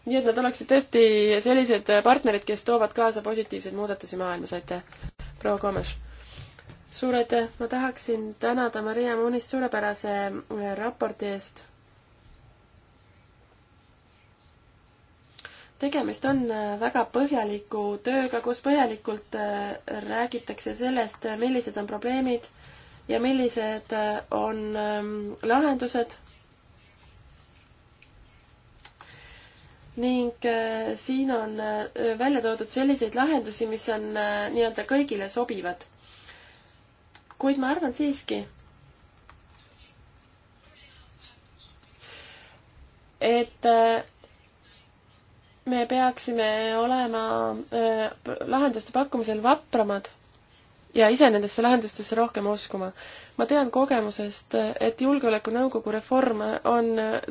nii et nad oleksid tõesti sellised partnerid, kes toovad kaasa positiivseid muudatusi maailmas, aitäh. proua Komes. suur aitäh, ma tahaksin tänada Maria Munist suurepärase raporti eest tegemist on äh, väga põhjaliku tööga, kus põhjalikult äh, räägitakse sellest, äh, millised on probleemid ja millised on ähm, lahendused. ning siin on välja toodud selliseid lahendusi, mis on nii-öelda kõigile sobivad. kuid ma arvan siiski, et me peaksime olema lahenduste pakkumisel vapramad ja ise nendesse lahendustesse rohkem uskuma. ma tean kogemusest, et Julgeolekunõukogu reform on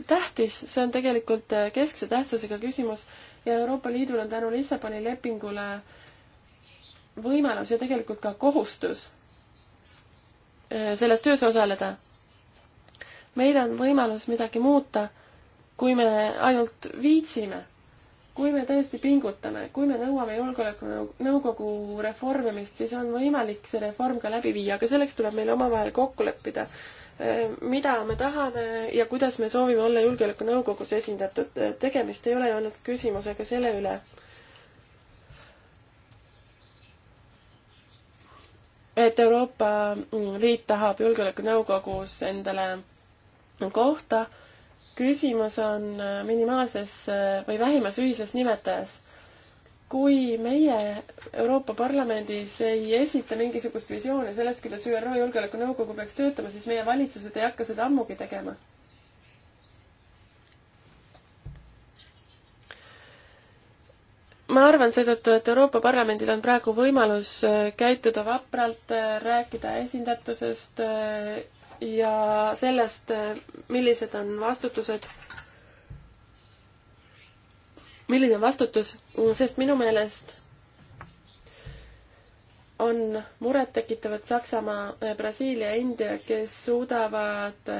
tähtis, see on tegelikult keskse tähtsusega küsimus ja Euroopa Liidul on tänu Lissaboni lepingule võimalus ja tegelikult ka kohustus selles töös osaleda. meil on võimalus midagi muuta, kui me ainult viitsime kui me tõesti pingutame, kui me nõuame Julgeolekunõukogu reformimist, siis on võimalik see reform ka läbi viia, aga selleks tuleb meil omavahel kokku leppida, eh, mida me tahame ja kuidas me soovime olla Julgeolekunõukogus esindatud. Eh, tegemist ei ole ju ainult küsimusega selle üle, et Euroopa Liit tahab Julgeolekunõukogus endale kohta küsimus on äh, minimaalses äh, või vähimas ühises nimetajas. kui meie Euroopa Parlamendis ei esita mingisugust visiooni sellest, kuidas ÜRO Julgeolekunõukogu peaks töötama, siis meie valitsused ei hakka seda ammugi tegema ma arvan seetõttu, et Euroopa Parlamendil on praegu võimalus äh, käituda vapralt, rääkida esindatusest, ja sellest, millised on vastutused, milline on vastutus, sest minu meelest on murettekitavad Saksamaa, Brasiilia, India, kes suudavad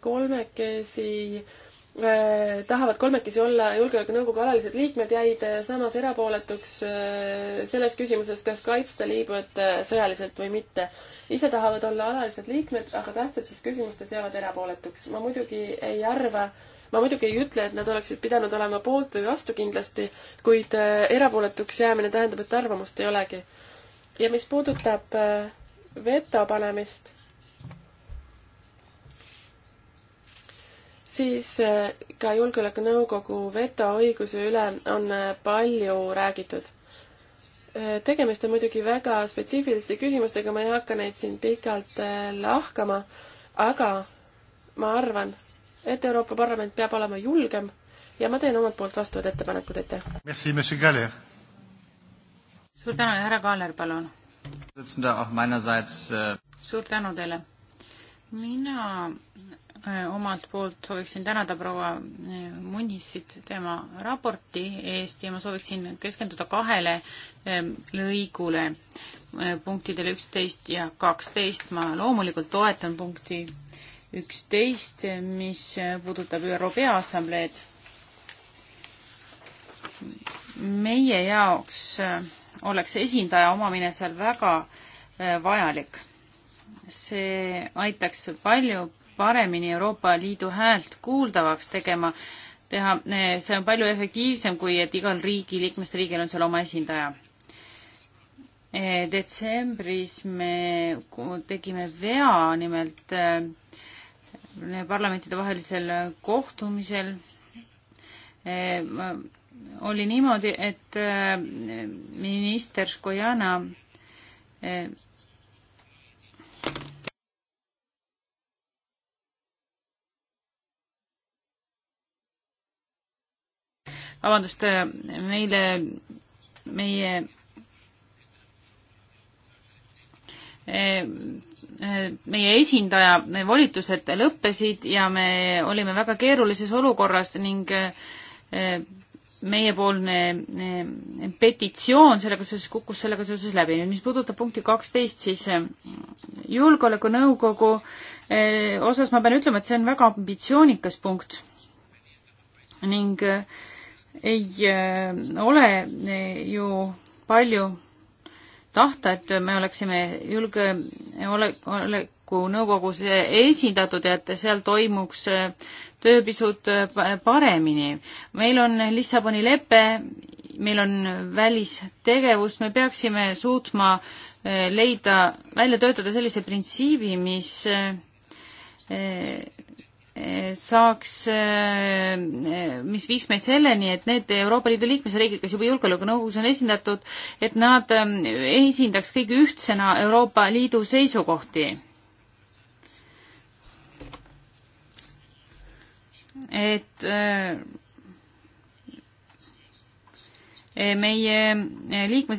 kolmekesi äh, Äh, tahavad kolmekesi olla Julgeolekunõukogu alalised liikmed, jäid äh, samas erapooletuks äh, selles küsimuses, kas kaitsta Liibüat sõjaliselt või mitte. ise tahavad olla alalised liikmed, aga tähtsates küsimustes jäävad erapooletuks. ma muidugi ei arva, ma muidugi ei ütle, et nad oleksid pidanud olema poolt või vastu kindlasti, kuid erapooletuks jäämine tähendab, et arvamust ei olegi. ja mis puudutab veto panemist siis eh, ka Julgeolekunõukogu vetoõiguse üle on eh, palju räägitud. Eh, tegemist on muidugi väga spetsiifiliste küsimustega, ma ei hakka neid siin pikalt lahkama, aga ma arvan, et Euroopa Parlament peab olema julgem ja ma teen omalt poolt vastavad ettepanekud, aitäh! suur tänu ja härra Kaaler, palun! Äh, suur tänu teile! mina Äh, omalt poolt sooviksin tänada proua äh, Munnissit tema raporti eest ja ma sooviksin keskenduda kahele ähm, lõigule, äh, punktidele üksteist ja kaksteist. ma loomulikult toetan punkti üksteist, mis puudutab ÜRO Peaassambleed. meie jaoks oleks esindaja omamine seal väga vajalik. see aitaks palju paremini Euroopa Liidu häält kuuldavaks tegema, teha, see on palju efektiivsem, kui et igal riigi, liikmesriigil on seal oma esindaja. detsembris me tegime vea nimelt äh, parlamentide vahelisel kohtumisel oli niimoodi, et äh, minister Skojana äh, vabandust, äh, meile, meie äh, äh, meie esindaja volitused lõppesid ja me olime väga keerulises olukorras ning meiepoolne petitsioon sellega seoses kukkus sellega seoses läbi. nüüd mis puudutab punkti kaksteist, siis julgeolekunõukogu osas ma pean ütlema, et see on väga ambitsioonikas punkt ning ei äh, ole äh, ju palju tahta, et me oleksime julgeoleku nõukogus äh, esindatud ja et seal toimuks töö pisut paremini. meil on Lissaboni lepe, meil on välistegevus, me peaksime suutma leida, välja töötada sellise printsiibi, mis saaks, mis viiks meid selleni, et need Euroopa Liidu liikmesriigid, kes juba Julgeolekunõukogus on esindatud, et nad ähm, esindaks kõige ühtsena Euroopa Liidu seisukohti. et äh, meie liikmes,